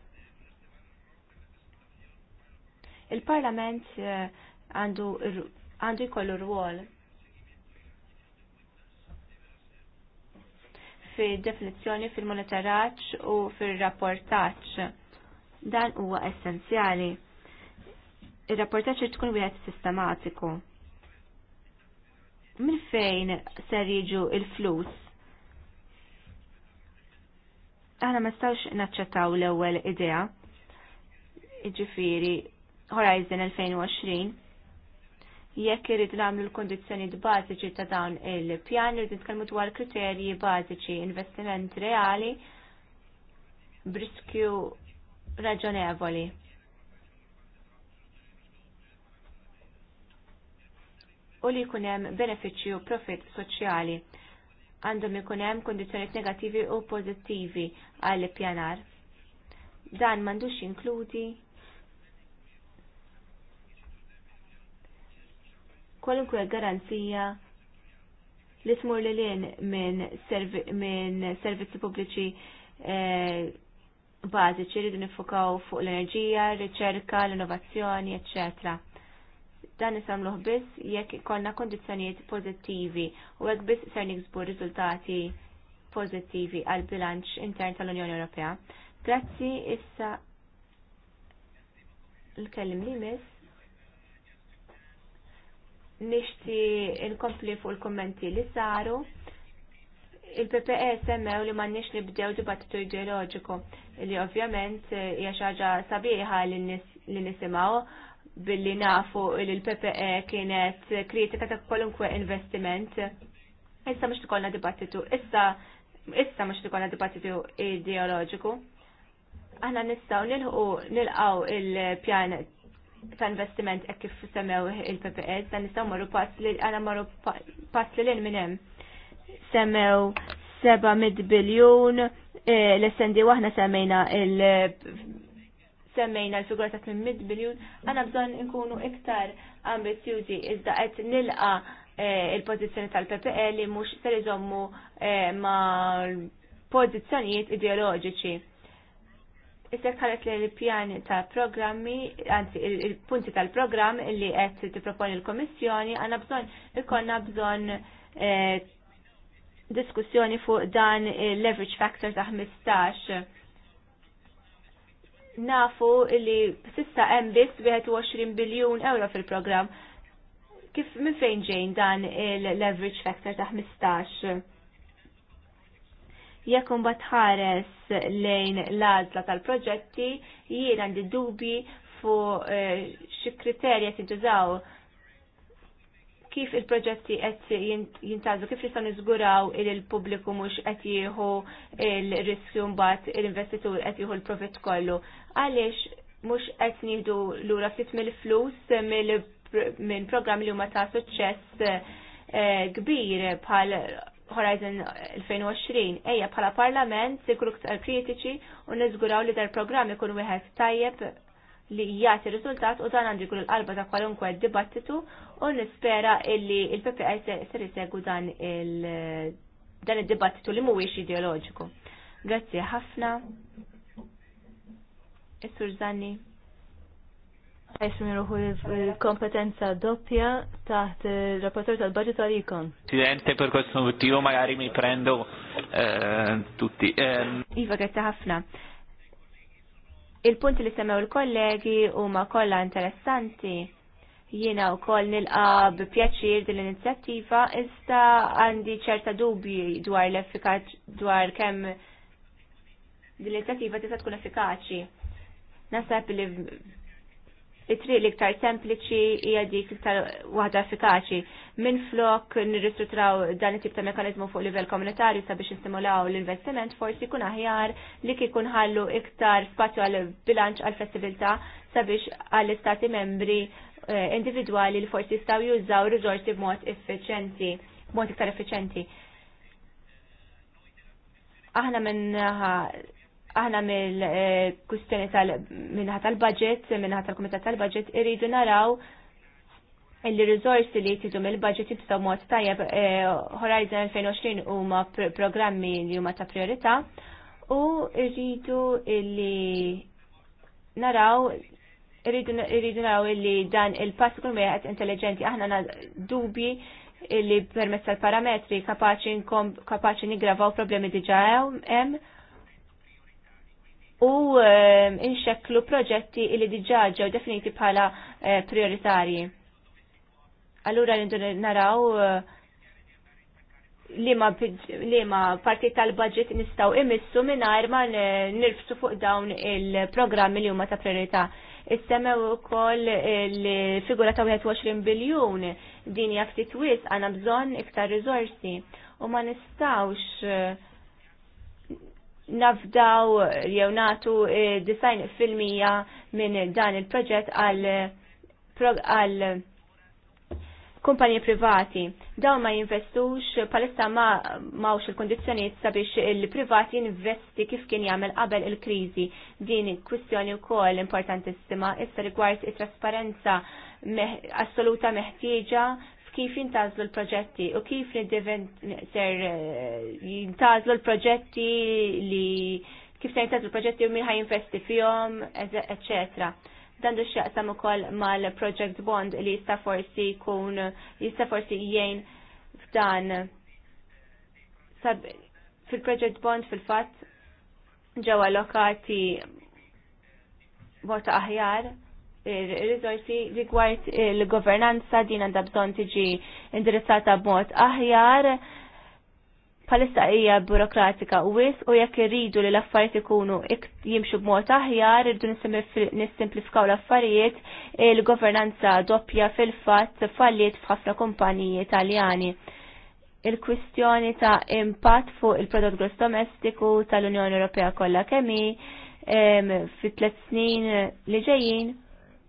Il-Parlament eh, għandu jkollu rwol fil-definizzjoni fil-monitoraġġ u fil-rapportaġġ. Dan huwa essenzjali ir-rapportaċ tkun wieħed sistematiku. Min fejn ser jiġu il-flus? Aħna ma stawx naċċettaw l-ewwel idea. jiġifieri Horizon 2020 jekk irid nagħmlu l-kondizzjoni bażiċi ta' dawn il-pjan irid nitkellmu dwar kriterji bażiċi, investiment reali, briskju raġonevoli. u li jkun hemm benefiċċju profit soċjali. Għandhom ikun hemm kundizzjonijiet negattivi u pożittivi għall pjanar Dan m'għandux jinkludi kwalunkwe garanzija li tmur li lin minn servi, min servizzi pubbliċi eh, bażiċi li nifokaw fuq l-enerġija, r-riċerka, l-innovazzjoni, eccetera dan nisamluħ biss jekk konna kondizjonijiet pozittivi u jekk biss ser niksbu riżultati pozittivi għal bilanċ intern tal-Unjoni Ewropea. Grazzi issa l-kellim li miss. Nixti kompli fuq il-kommenti li saru. il pps e semmew li mannix nibdew dibattitu ideologiku li ovvjament hija xi ħaġa sabiħa li nisimgħu billi nafu li l-PPE kienet kritika ta' kwalunkwe investiment. Issa mux tukolna dibattitu, issa issa mux tukolna dibattitu ideoloġiku. Aħna nistaw nilħu nilqaw il-pjan ta' investiment ek kif semmew il-PPE, sa' nistaw marru pass li għana marru pass li l-in minnem. Semmew 700 biljon eh, l-essendi waħna semmejna il- semmejna l-figura ta' 800 biljun, għana bżon nkunu iktar ambizjużi iżda qed nilqa eh, il-pozizjoni tal-PPE li mhux ser iżommu eh, ma' pozizjonijiet ideoloġiċi. Issa ħalet li l-pjan ta' programmi, anzi il-punti tal-programm li qed tipproponi l komissjoni għandna bżonn ikonna bżonn eh, diskussjoni fuq dan il-leverage factor ta' 15 nafu li sissa hemm biss 21 biljun euro fil-programm. Kif minn fejn ġejn dan il-leverage factor ta' 15? Jekk batħares lejn l-għażla tal-proġetti, jien għandi dubi fuq eh, xi kriterja tintużaw kif il-proġetti qed jintazu, kif nistgħu niżguraw il il-pubbliku mhux qed jieħu il-riskju mbagħad l-investitur qed jieħu l-profit kollu għaliex mhux qed l lura ftit mill-flus minn program li huma ta' suċċess eh, kbir bħal Horizon 2020 ejja bħala parlament sikru ktar kritiċi u niżguraw li dar program ikun wieħed tajjeb li jagħti riżultat u dan għandu jkun l-qalba ta' kwalunkwe dibattitu u nispera illi il-PPS ser isegwu dan il- dan id-dibattitu li mhuwiex ideoloġiku. Grazzi ħafna. Is-Sur Zanni. Għajsmi miruħu l-kompetenza doppja taħt il-rapportor tal-budget għalikon. Presidente, per questo motivo magari mi prendo eh, tutti. Ehm. Iva, għetta ħafna. Il-punti li semmew il-kollegi u ma kolla interessanti jiena u koll nilqa b'pjaċir din l-inizjattiva, iżda għandi ċerta dubji dwar l-effikaċ, dwar kemm din l-inizjattiva tista' tkun effikaċi. Nasab li it-triq ktar sempliċi hija dik iktar waħda effikaċi. Minn flok nirristrutraw dan it-tip ta' mekanizmu fuq livell komunitarju sabiex nistimulaw l-investiment forsi jkun aħjar li kikun ħallu iktar spazju għal bilanċ għal flessibilità sabiex għall istati membri eh, individwali li forsi jistgħu jużaw riżorsi b'mod effiċenti, b'mod iktar effiċenti. Aħna minn aħna mill-kustjoni eh, tal-minħat tal-budget, minħat tal-komitat tal-budget, irridu naraw il-rizorsi li jtidu mill-budget jibsaw mod tajjeb eh, Horizon 2020 huma programmi li huma ta' priorità u rridu illi naraw irridu naraw illi dan il-pass kull meħat intelligenti aħna dubi illi permezz tal-parametri kapaċi nigravaw problemi diġa hemm u ehm, inxeklu proġetti li diġaġa u definiti bħala eh, prioritarji. Allura rridu naraw eh, li ma parti tal-budget nistaw imissu minnajr ma nirfsu fuq dawn il-programmi li huma ta' priorità u ukoll il-figura ta' 21 biljun din hija ftit għana bżon bżonn iktar rizorsi u ma nistawx eh, nafdaw jew natu eh, design filmija minn dan il-proġett għal għal kumpanji privati. Dawn ma jinvestux palissa ma mawx il-kondizjoniet sabiex il-privati investi kif kien jagħmel qabel il-kriżi. Din kwistjoni wkoll importantissima issa rigward it-trasparenza assoluta meħtieġa kif jintazlu l-proġetti u kif ser eh, jintazlu l-proġetti li kif ser jintazlu l-proġetti u minn jinvesti fihom, eccetera dandu xieqsam ukoll mal-project bond li jista forsi kun, jista forsi jgħin f'dan. Fil-project bond fil-fat ġewa lokati bota aħjar il-rizorsi rigward il-governanza din għandha bżonn tiġi indirizzata b'mod aħjar palissa hija burokratika u wis u jekk irridu li l-affarijiet ikunu jimxu b'mod aħjar irridu nissimplifikaw l-affarijiet il-governanza doppja fil-fatt falliet f'ħafna kumpaniji Taljani il-kwistjoni ta' impatt fuq il-prodott gross domestiku tal-Unjoni Ewropea kollha kemmi fit tliet snin li ġejjin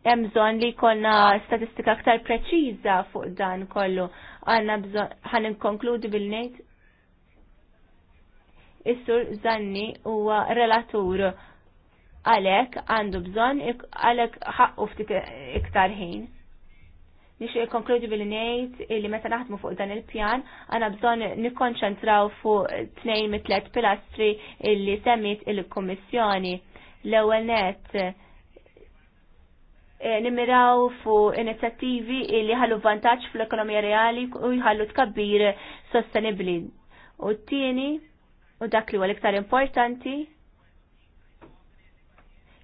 hemm bżonn li jkollna statistika aktar preċiża fuq dan kollu. Għandna bżonn ħan inkonkludi bil-ngħid. Is-sur Zanni huwa relatur għalhekk għandu bżonn għalhekk ħaqqu ftit iktar ħin. Nix konkludi bil-ngħid li meta naħdmu fuq dan il-pjan għanna bżonn nikkonċentraw fuq tnejn mit tlet pilastri illi semmit il-Kummissjoni. L-ewwel net Eh, nimiraw fu inizjattivi li ħallu vantaġġ fl-ekonomija reali u jħallu tkabbir sostenibli. U t-tieni, u dak li huwa l-iktar importanti,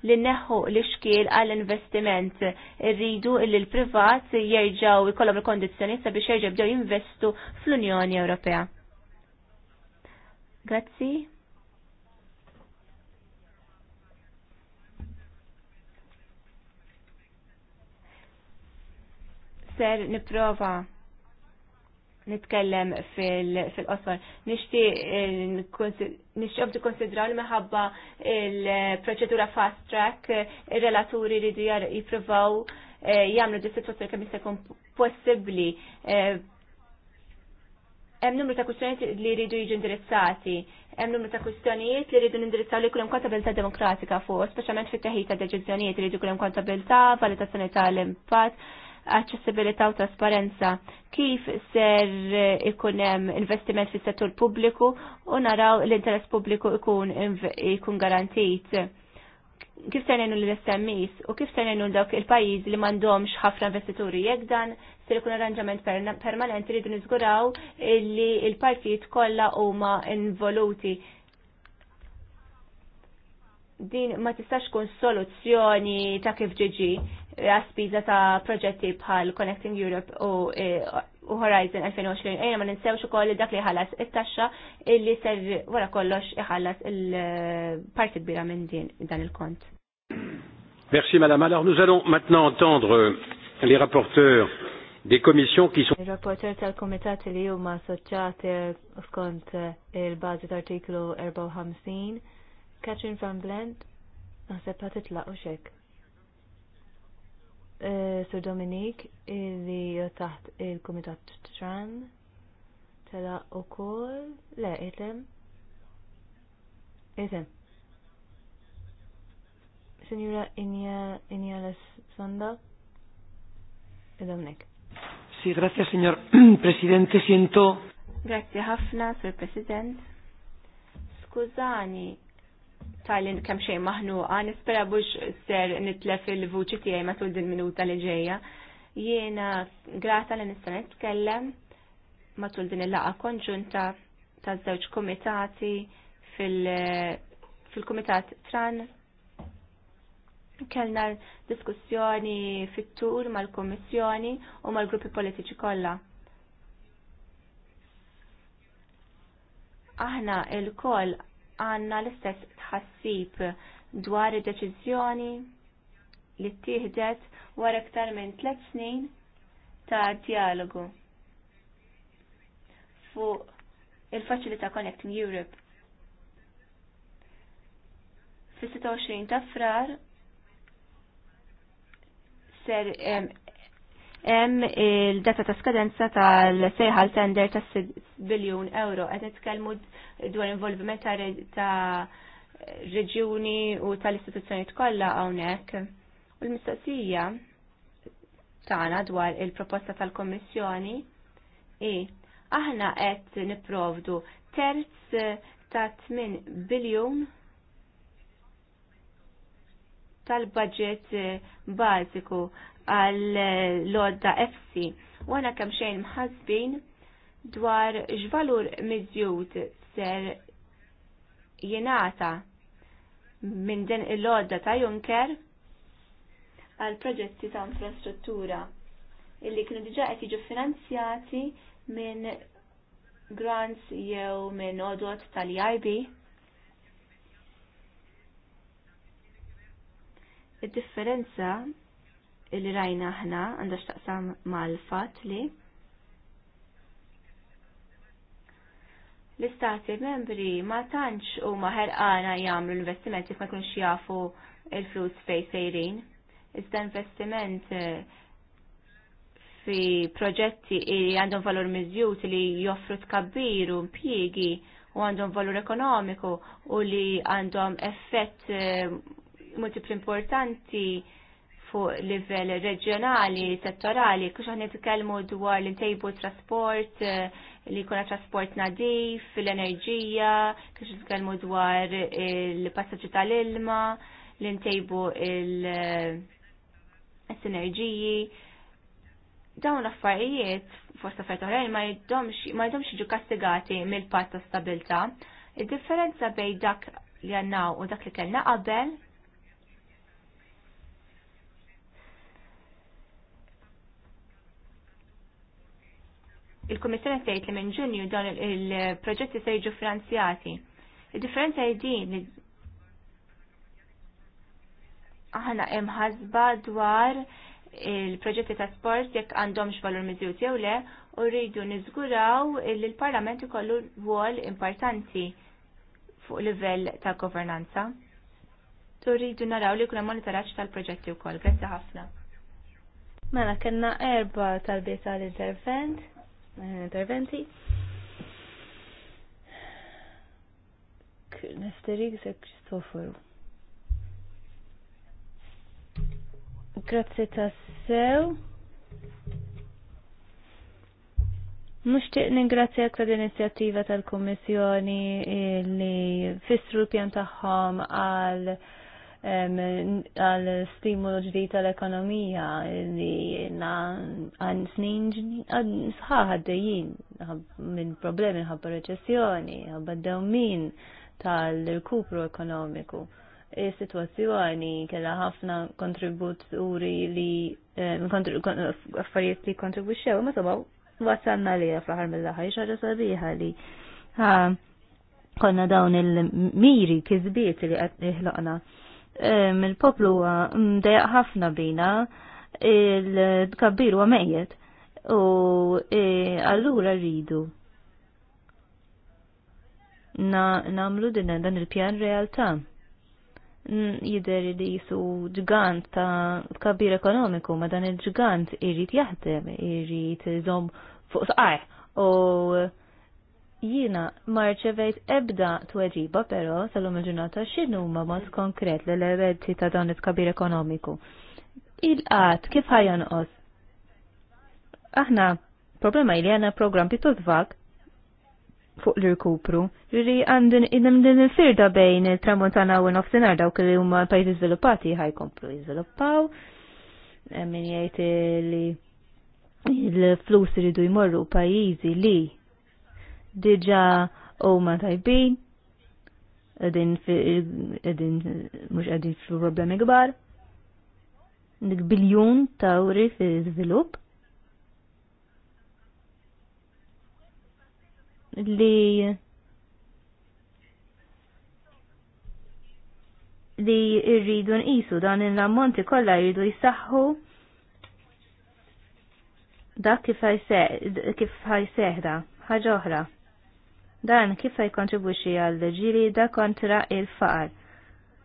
li neħu li xkiel għall-investiment. Irridu li l-privat jirġaw ikollhom il kondizjoni sabiex jerġa' bdew jinvestu fl-Unjoni Ewropea. Grazzi. ser niprofa nitkellem fil-qosor. Nishti eh, nixtieq konsidraw li meħabba il-proċedura fast track, il-relaturi li jiprovaw eh, jagħmlu di situazzjoni kemm jista' jkun possibbli. Eh, hemm numru ta' kwistjonijiet li jridu jiġu indirizzati, hemm numru ta' kwistjonijiet li jridu nindirizzaw li kulhemm kontabilità demokratika fuq, speċjalment fit-teħid ta' deċiżjonijiet li jridu kulhemm kontabilità, valutazzjoni tal-impatt, aċċessibilità u trasparenza, kif ser eh, ikun hemm investiment fis-settur pubbliku u naraw l-interess pubbliku ikun ikun garantit. Kif ser ngħinu l-SMEs u kif ser ngħinu dawk il pajjiżi li m'għandhomx ħafna investituri jekk dan ser ikun arranġament permanenti li niżguraw li l-partijiet kollha huma involuti din ma tistax kun soluzzjoni ta' kif ġiġi għaspiza ta' proġetti bħal Connecting Europe u e, u Horizon 2020. Ejna ma ninsewx u ukoll dak li ħallas il taxxa illi ser wara kollox iħallas il-parti kbira minn din dan il-kont. Merci madame. Alors nous allons maintenant entendre les rapporteurs des commissions qui sont Il-rapporter tal-komitat li huma assoċjat skont e, il-bażi tal-artiklu 54 Catherine van Blend naħseb ħatitlaq u xek. Eh, Sir Dominik illi taħt il-Komitat Tran tela u koll le item item Signora Inja Sanda Dominik Si, grazie signor Presidente, siento Grazie Hafna, Sir President. Skużani, tal-in kem xej maħnuqa, nispera bux ser nitlef il-vuċi tijaj matul din minuta li ġeja. Jiena grata li nista nitkellem matul din il-laqa konġunta ta' żewġ komitati fil-komitat tran. Kellna diskussjoni fit-tur mal-komissjoni u mal-gruppi politiċi kollha. Aħna il-koll għanna l-istess tħassib dwar id-deċizjoni li ttieħdet wara iktar minn tliet snin ta' dialogu fuq il-faċilità Connecting Europe. Fis-26 ta' frar ser hemm il-data ta' skadenza tal-sejħal tender ta' 6 biljun euro qed nitkellmu dwar involviment ta' reġjuni u tal-istituzzjonijiet kollha hawnhekk. U l-mistoqsija tagħna dwar il-proposta tal-Kommissjoni i aħna qed nipprovdu terz ta' 8 biljun tal-budget bażiku għal lodda FC. U għana kam xejn mħazbin dwar ġvalur mizjut ser jenata minn din il-lodda ta' Junker għal proġetti ta' infrastruttura illi kienu diġa qed jiġu finanzjati minn grants jew minn odot tal-IB. Id-differenza li rajna aħna għandha x'taqsam mal-fatt li l-istati membri ma tantx huma ħerqana jagħmlu l-investimenti ma jkunx jafu il-flus fejn sejrin. Iżda investiment eh, fi proġetti li għandhom valur miżjut li joffru tkabbir u impjiegi u għandhom valur ekonomiku u li għandhom effett eh, multipli importanti fuq livell reġjonali, settorali, kux għan nitkellmu dwar l-intejbu trasport, eh, li kuna trasport nadif, l-enerġija, kux nitkellmu dwar il-passagġi eh, tal-ilma, l-intejbu il-sinerġiji. Eh, Dawn affarijiet, forsa fetoħrejn, ma jdomx ġu kastigati mill-pat ta' stabilta. Il-differenza bej dak li għannaw u dak li kellna qabel il komissjoni tgħid li minn Ġunju dan il-proġetti se jiġu finanzjati. id differenza hi din aħna hemm ħasba dwar il-proġetti ta' sport jekk għandhomx valur miżjut jew le u rridu niżguraw li l-Parlament ikollu rwol importanti fuq livell ta' governanza. Tu rridu naraw li kuna monitoraġġ tal-proġetti wkoll. Grazzi ħafna. Mela kellna erba tal-bieta intervent interventi. Nesterik se Kristoforu. Grazzi tassew. Muxtiq ningrazzjak ta' l inizjattiva tal-Kommissjoni li fissru l-pjan tagħhom għal għal stimulu ġdijt tal-ekonomija li għan snin sħaħ għaddejjin minn problemi għabba reċessjoni, ħabba dawmin tal-rkupru ekonomiku. Is-situazzjoni kella ħafna kontributuri li affarijiet li kontribuxxew, ma sabaw wasalna li fl mill-ħaj xaġa sabiħa li konna dawn il-miri kizbiet li qed mill-poplu huwa ħafna bina il-kabbir huwa mejjed u e, allura rridu namlu din dan il-pjan realtà mm, jider li jisu ġgant ta' kabir ekonomiku ma dan il-ġgant irrit jaħdem, irrit zom fuq saqaj u Jiena marċevejt ebda tweġiba però sal-lum il-ġurnata x'inhuma mod konkret l-elementi ta' dawn it-kabir ekonomiku. Il-qat kif os? Aħna problema li għandna program pjuttost zvak fuq l-irkupru. Ġiri għandin idem din il-firda bejn il-tramontana u n-ofsinar dawk li huma pajzi sviluppati ħajkomplu jizviluppaw. Min jgħid li l-flus iridu jmorru pajizi li diġa u ma tajbin, edin mux edin fi problemi gbar, dik biljon ta' fi zvilup, li li irridu nqisu dan il-ammonti kollha jridu jisaħħu dak kif ħajseħda, kif ħajseħda, ħaġa oħra. Dan kif jkontribwixxi għal da kontra il-faqar.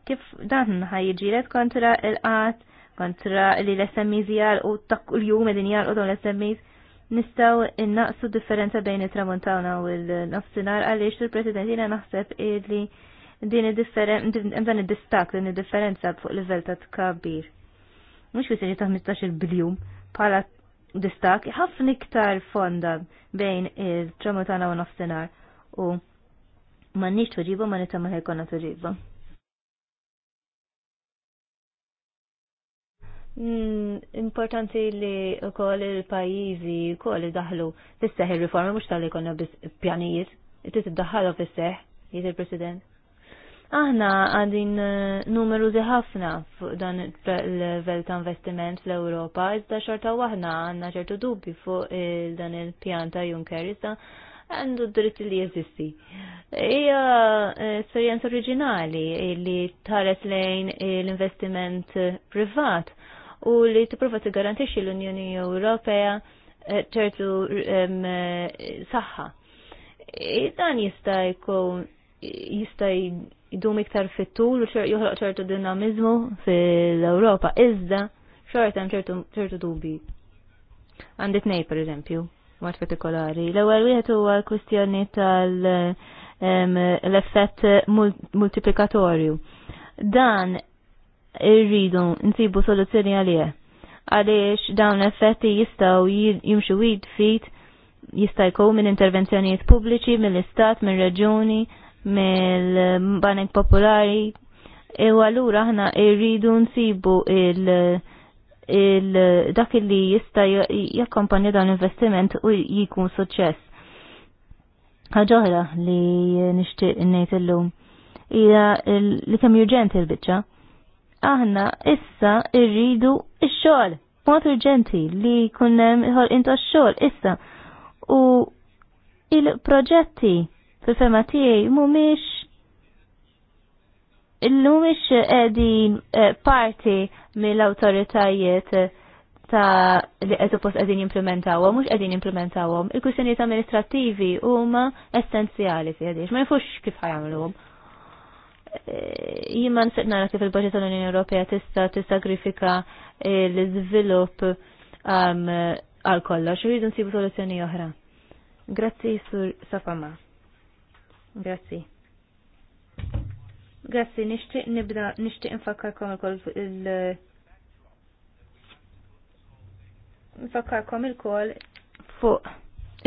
Kif dan ħajġiret kontra il-qat, kontra li l-SMEs u ta' kuljum edin jgħalqu dawn l-SMEs nistaw innaqsu differenza bejn it tramontana u l-nofsinar għaliex il presidentina naħseb li din dan id-distak, din id-differenza fuq livell ta' tkabbir. Mux bisir ta' 15 biljum pala distak, ħafna iktar fonda bejn il tramontana u nofsinar u man nix tuġiba ma nita maħe ħekona tuġiba. Hmm, importanti li u koll il-pajizi u koll daħlu fisseħ il-riforma mux tal-li konna bis pjanijiet, jittis id-daħħalu fisseħ, jitt il-president. Aħna għadin eh, numeru ħafna fuq dan il-level ta' investiment fl-Europa, iżda xorta waħna għanna ċertu dubbi fuq dan il-pjan ta' Juncker, iżda għandu dritt li jeżisti. Hija esperjenza oriġinali li tħares lejn l-investiment privat u li tipprova tigarantixxi l-Unjoni Ewropea eh, ċertu saħħa. Dan jista' jkun jista' jdum iktar fit-tul u joħloq ċertu dinamizmu fil-Ewropa iżda xorta ċertu dubi. Għandit nej, per eżempju mod partikolari. L-ewwel wieħed huwa l-kwistjoni tal-effett multiplikatorju. Dan irridu nsibu soluzzjoni għalih. Għaliex dawn effetti jistgħu jimxu wid fit jista' jkun minn intervenzjonijiet pubbliċi, mill-istat, mill-reġuni, mill-banek popolari. U allura aħna irridu nsibu il- dak li jista jakkompanja dan investiment u jikun suċċess. Ħaġoħra li nixtieq ngħid illum hija li kemm urġenti l-biċċa. Aħna issa rridu x-xogħol mod urġenti li kunnem inta x-xogħol issa u il-proġetti fil-fema tiegħi mhumiex il ix edi eh, parti mill-autoritajiet ta' li għedu post qegħdin jimplementawhom, mhux qegħdin jimplementawhom. Il-kwistjonijiet amministrattivi huma essenzjali fi għedin, ma jfux kif ħajamluhom. Eh, jimma nsiq nara kif il-budget tal-Unjoni Ewropea tista' tissagrifika l-iżvilupp għal kollox, rridu nsibu soluzzjoni oħra. Grazzi sur Safama. Grazzi. Grazzi, nishtiq nibda, nishtiq nfakkarkom il-kol il- Nfakkarkom il-kol fuq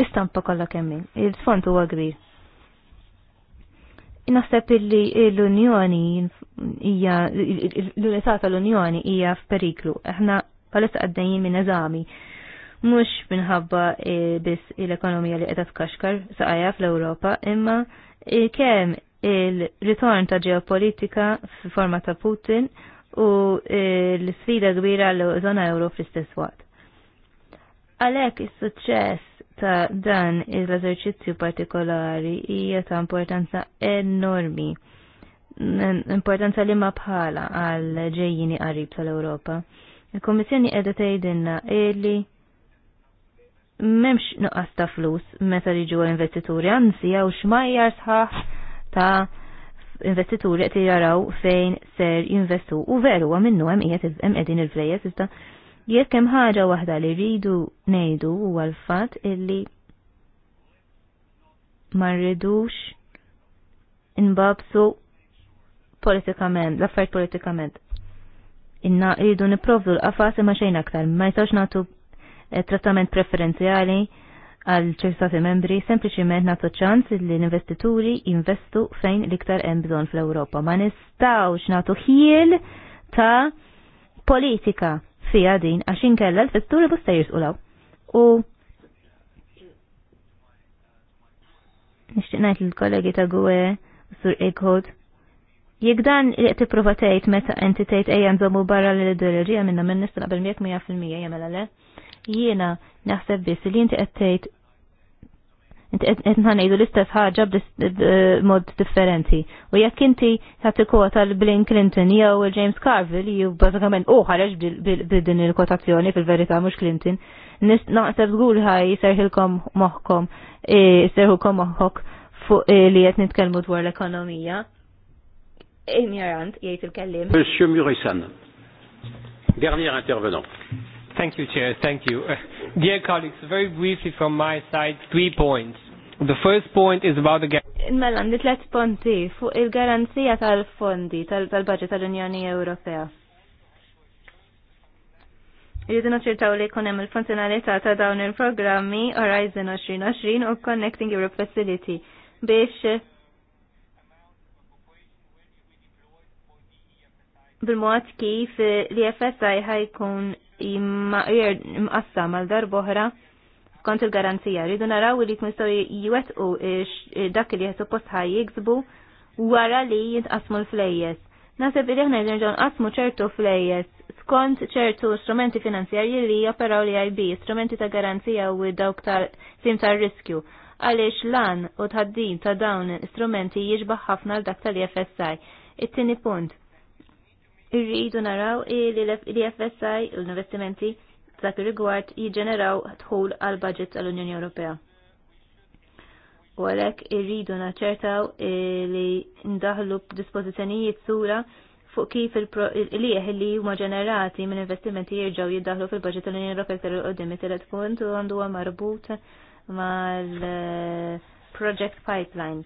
istampa kollha kemmin. Il-font huwa kbir. Naħseb illi l-Unjoni hija l-unità tal-Unjoni hija f'periklu. Aħna palissa għaddejjin minn eżami mhux minħabba eh, biss l-ekonomija li għedat tkaxkar saqajja fl-Ewropa, imma eh, kemm il-ritorn ta' ġeopolitika f'forma ta' Putin u l-sfida kbira l zona euro fl-istess waqt. Għalhekk is-suċċess ta' dan il eżerċizzju partikolari hija ta' importanza enormi. Importanza li ma bħala għal ġejjini qarib tal-Ewropa. Il-Kommissjoni qiegħda tgħidilna li m'hemmx nuqqas ta' flus meta jiġu investituri, anzi jew xmajjar sħaħ ta' investituri qed jaraw fejn ser jinvestu u veru għam minnu hemm qiegħed hemm qegħdin il-flejjes iżda jekk kem ħaġa waħda li rridu ngħidu huwa l-fatt illi ma rridux inbabsu politikament, l-affarijiet politikament. Inna rridu niprovdu l-qafas ma xejn aktar, ma jistgħux nagħtu eh, trattament preferenzjali għal ċertati membri sempliciment nagħtu ċans li l-investituri jinvestu fejn l-iktar hemm bżonn fl-Ewropa. Ma nistgħux nagħtu ħiel ta' politika fija din għax inkella l-vetturi bosta jirsqulaw. U nixtieq ngħid lill-kollegi ta' Gwe Sur Eghod. Jek dan li qed tipprova tgħid meta entitajt ejja nżommu barra l-ideoloġija minnha minn nista' naqbel miegħek 100% jagħmel le jiena naħseb biss li inti qed tgħid inti qed ngħidu l-istess ħaġa b'mod differenti. U jekk inti ħadd ikota l-Blin Clinton jew James Carville jew bażikament u ħareġ b'din il-kotazzjoni fil-verità mhux Clinton, naħseb żgur ħaj serħilkom moħħkom, e, serħilkom moħħok fuq e, li qed nitkellmu dwar l-ekonomija. Ignorant, jgħid il-kellim. Monsieur Murisan, dernier intervenant. Thank you, Chair. Thank you. Uh, dear colleagues, very briefly from my side, three points. The first point is about the Mela, għandi tlet ponti fuq il-garanzija tal-fondi tal-budget tal-Unjoni Ewropea. Irridu naċċertaw li jkun hemm il-funzjonalità ta' dawn il-programmi Horizon 2020 u Connecting Europe Facility biex bil-mod kif li FSI ħajkun Er, imqassa mal darboħra kont il-garanzija. Rridu naraw li jwet u dak li jħesuppost ħaj jiksbu wara li jintqasmu l-flejjes. Naseb li ħna jġenġon qasmu ċertu flejjes skont ċertu strumenti finanzjarji li joperaw li IB, strumenti ta' garanzija u dawk ta' sim ta' riskju Għaliex lan u tħaddim ta' dawn strumenti jiġbaħ ħafna l-dak tal-FSI. It-tini punt irridu naraw li l FSI l-investimenti dak ir-rigward jiġġeneraw dħul għal budget tal-Unjoni Ewropea. U għalhekk irridu naċċertaw eh, li ndaħlu b'dispożizzjonijiet sura fuq kif il-lieħ li huma ġenerati minn investimenti jirġgħu jiddaħlu fil-budget tal-Unjoni Ewropea tal qudiem it u għandu marbut mal-project eh, pipeline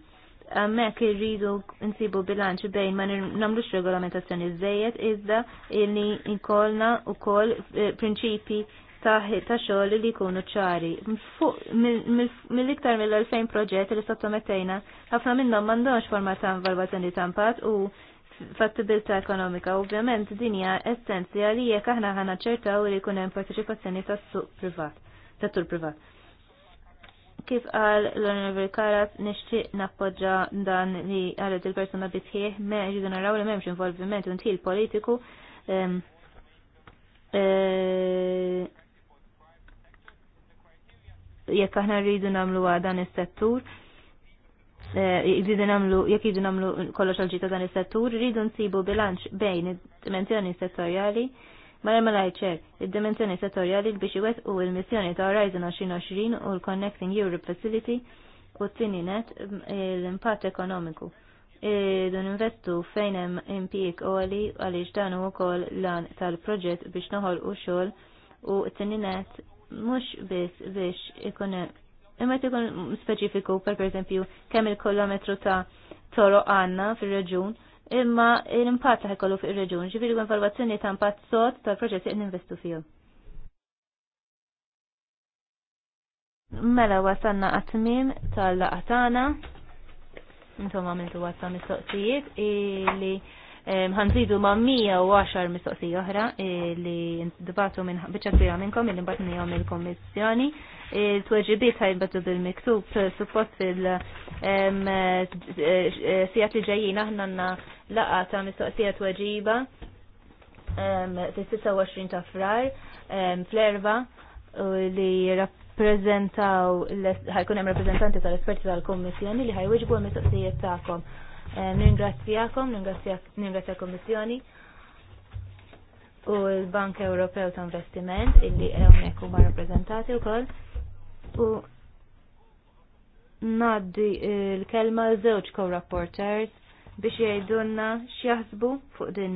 Mek irridu nsibu bilanċ bejn ma namlux regolamentazzjoni żejjed iżda illi inkolna wkoll eh, prinċipi ta' xoll li jkunu ċari. Mill-iktar mill-2000 proġett li sottomettejna, ħafna minnhom m'għandhomx forma ta' valvazzjoni ta' impatt u fattibilta ekonomika. Ovvjament din hija essenzjali jekk aħna ħana ċertaw li jkun hemm partecipazzjoni tas-suq privat, settur privat. Kif għal l-Onorevoli Karas nixtieq nappoġġa dan li għalet il-persuna bisħieħ me ġidun naraw li m'hemmx involviment u ntil politiku e, jekk aħna rridu nagħmlu dan is-settur jridu e, nagħmlu jekk jridu nagħmlu kollox għal ġita dan is-settur, rridu nsibu bilanċ bejn id-dimensjoni settorjali Mara malajċek, id-dimensjoni settorjali biex iwet u il-missjoni ta' Horizon 2020 u l-Connecting Europe Facility u t-tini net l-impatt ekonomiku. Dun investu fejn hemm impjieg għali għaliex dan u wkoll lan tal-proġett biex noħol u xogħol u t-tini net mhux biss biex ikun imma ikun speċifiku per pereżempju kemm il-kilometru ta' toro għandna fir-reġun imma l-impatt li ħekollu fuq ir-reġun, ġifieri informazzjoni ta' impatt sod tal-proġett li ninvestu fihom. Mela wasanna għatmim tal-laqatana, intom għamiltu wasa mistoqsijiet, li ħanżidu ma' 110 mistoqsija oħra li dibatu minn biċċa kbira minnkom li batni nihom il-kommissjoni. Il-tweġibiet ħajbatu bil-miktub suppost fil- sijat li ġejjin aħna għandna laqa ta' mistoqsija tweġiba fis-26 ta' frar flerva erba li rappreżentaw ħajkun hemm rappreżentanti tal-esperti tal-Kummissjoni li ħajwiġbu l-mistoqsijiet tagħkom. Ningrazzjakom, ningrazzja l-Kommissjoni u l-Bank Ewropew ta' Investiment illi hawnhekk huma rappreżentati wkoll. U naddi eh, l-kelma l-żewġ co-rapporters biex jgħidulna x'jaħsbu fuq din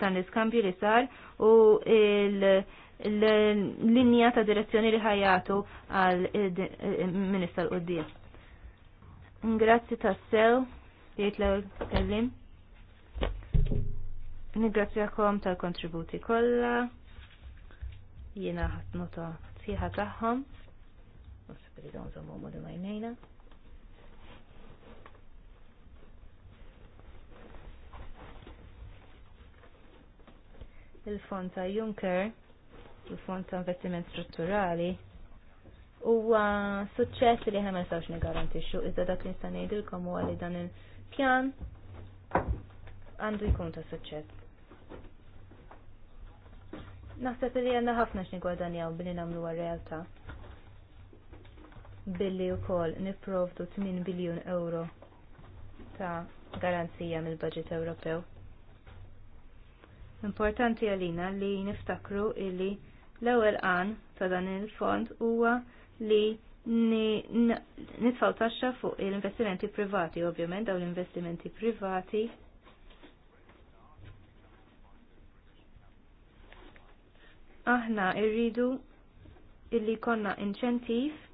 dan l-iskambju li sar u l-linja ta' direzzjoni li ħajatu għal eh, eh, minista l Ngrazzi ta' sew jgħid l-kellim. Nigrazzjakom tal-kontributi kollha. Jiena ħadd nota sieħa tagħhom. Nasib li modu majnejna. il fonta Juncker, il fonta investiment strutturali, huwa suċċess li ħna sawx nistgħux nigarantixxu iżda dak li nista' ngħidilkom huwa li dan il-pjan għandu jkun ta' suċċess. Naħseb li għandna ħafna x'nigwadanjaw billi nagħmlu għar-realtà billi wkoll nipprovdu 8 biljun euro ta' garanzija mill-budget Ewropew. Importanti għalina li niftakru illi l-ewwel qan ta' dan il-fond huwa li nitfaw taxxa fuq l-investimenti privati, ovvjament dawn l-investimenti privati aħna irridu illi konna inċentiv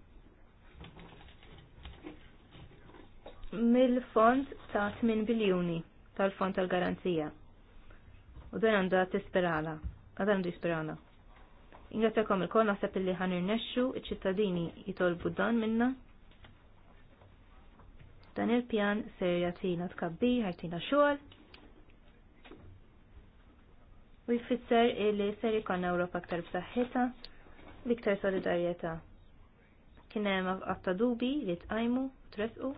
mill-fond ta' 8 biljuni tal-fond tal-garanzija. U dan għandha tisperala, għadan għandu jisperala. Ingrazzakom il-kol naħseb li ħan irnexxu iċ-ċittadini jitolbu dan minna. Dan il-pjan ser jagħtina tkabbi, ħartina xogħol. U jfisser li ser ikollna Ewropa aktar b'saħħitha, l-iktar solidarjetà. Kien hemm qatta dubi li tqajmu, tresqu,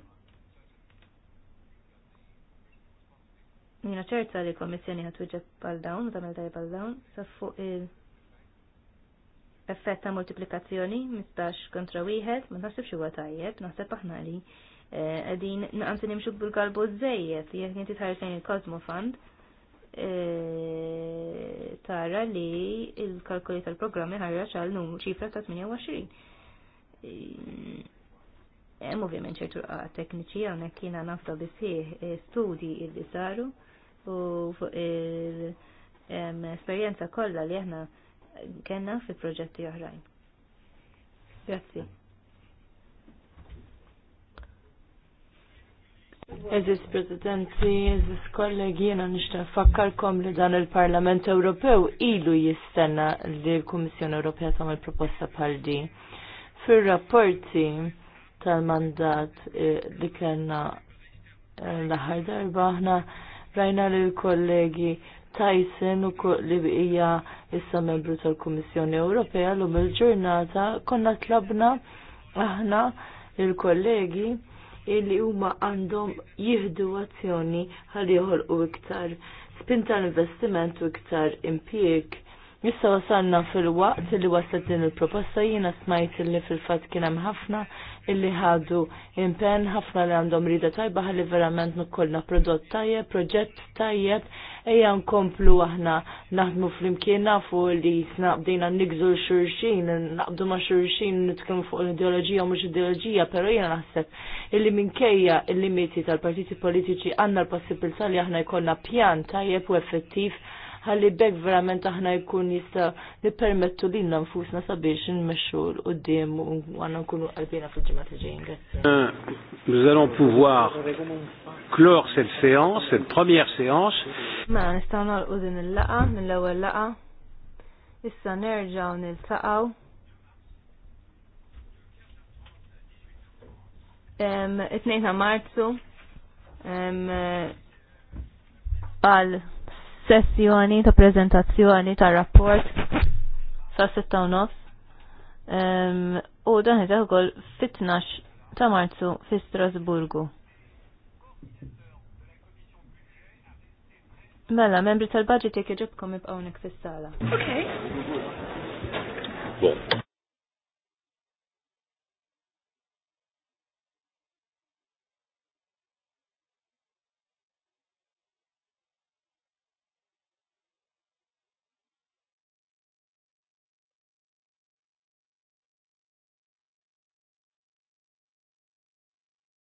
Mina ċerta li kommissjoni ħatwiġa pal-dawn, tamel daj pal-dawn, saffu fuq il-effett ta' multiplikazzjoni, mistax kontra wieħed, ma nasibx huwa tajjeb, nasib aħna li eh, għedin naqamsi nimxu bil-galbu zzejjed, jek ninti tħarġlejn il-Cosmo Fund, eh, tara li il kalkuli tal-programmi ħarra ċal numru ċifra ta' 28. Hemm ovvjament ċertu tekniċi hawnhekk jiena bi sħiħ eh, studji li saru u fuq l esperjenza kollha li aħna kellna fi proġetti oħrajn. Grazzi. Eżis Presidenti, eżis kollegi, jena nishtan fakkarkom li dan il-Parlament Ewropew ilu jistenna li l kummissjoni Ewropea tam il-proposta bħal di. Fil-rapporti, tal-mandat eh, li kellna eh, l-aħħar darba aħna rajna li l-kollegi Tyson u li hija issa membru tal-Kummissjoni Ewropea l il-ġurnata konna tlabna aħna il-kollegi illi huma għandhom jihdu azzjoni ħalli joħolqu iktar spinta investiment u iktar impieg. Nissa wasalna fil-waqt li waslet din il-proposta jiena smajt li fil-fatt kien hemm ħafna illi ħadu impenn ħafna li għandhom rida tajba ħalli verament nukollna prodott tajjeb, proġett tajjeb, ejja nkomplu aħna naħdmu flimkien nafu li jisna bdejna nigżu xurxin, naqbdu ma xurxin nitkellmu fuq l-ideoloġija mhux ideologija, però jiena naħseb illi minkejja il-limiti tal-partiti politiċi għandna l-possibilità li aħna jkollna pjan tajjeb u effettiv ħalli bekk verament aħna jkun jista li permettu li nfusna sabiex nmexxu l qudiem u għandna nkunu qalbina fil-ġimgħat li ġejjin. Euh, nous allons pouvoir clore cette séance, cette première séance. Ma nistgħu nagħlqu din il-laqa, mill-ewwel laqa. Issa nerġgħu niltaqgħu. It-tnejn ta' Marzu għal sessjoni ta' prezentazzjoni ta' rapport sa' 6.9 um, u dan ħiġa ukoll fit ta' Marzu fi Strasburgu. Mela, membri tal-budget jek iġibkom ibqawnek fis-sala. Ok. Bon.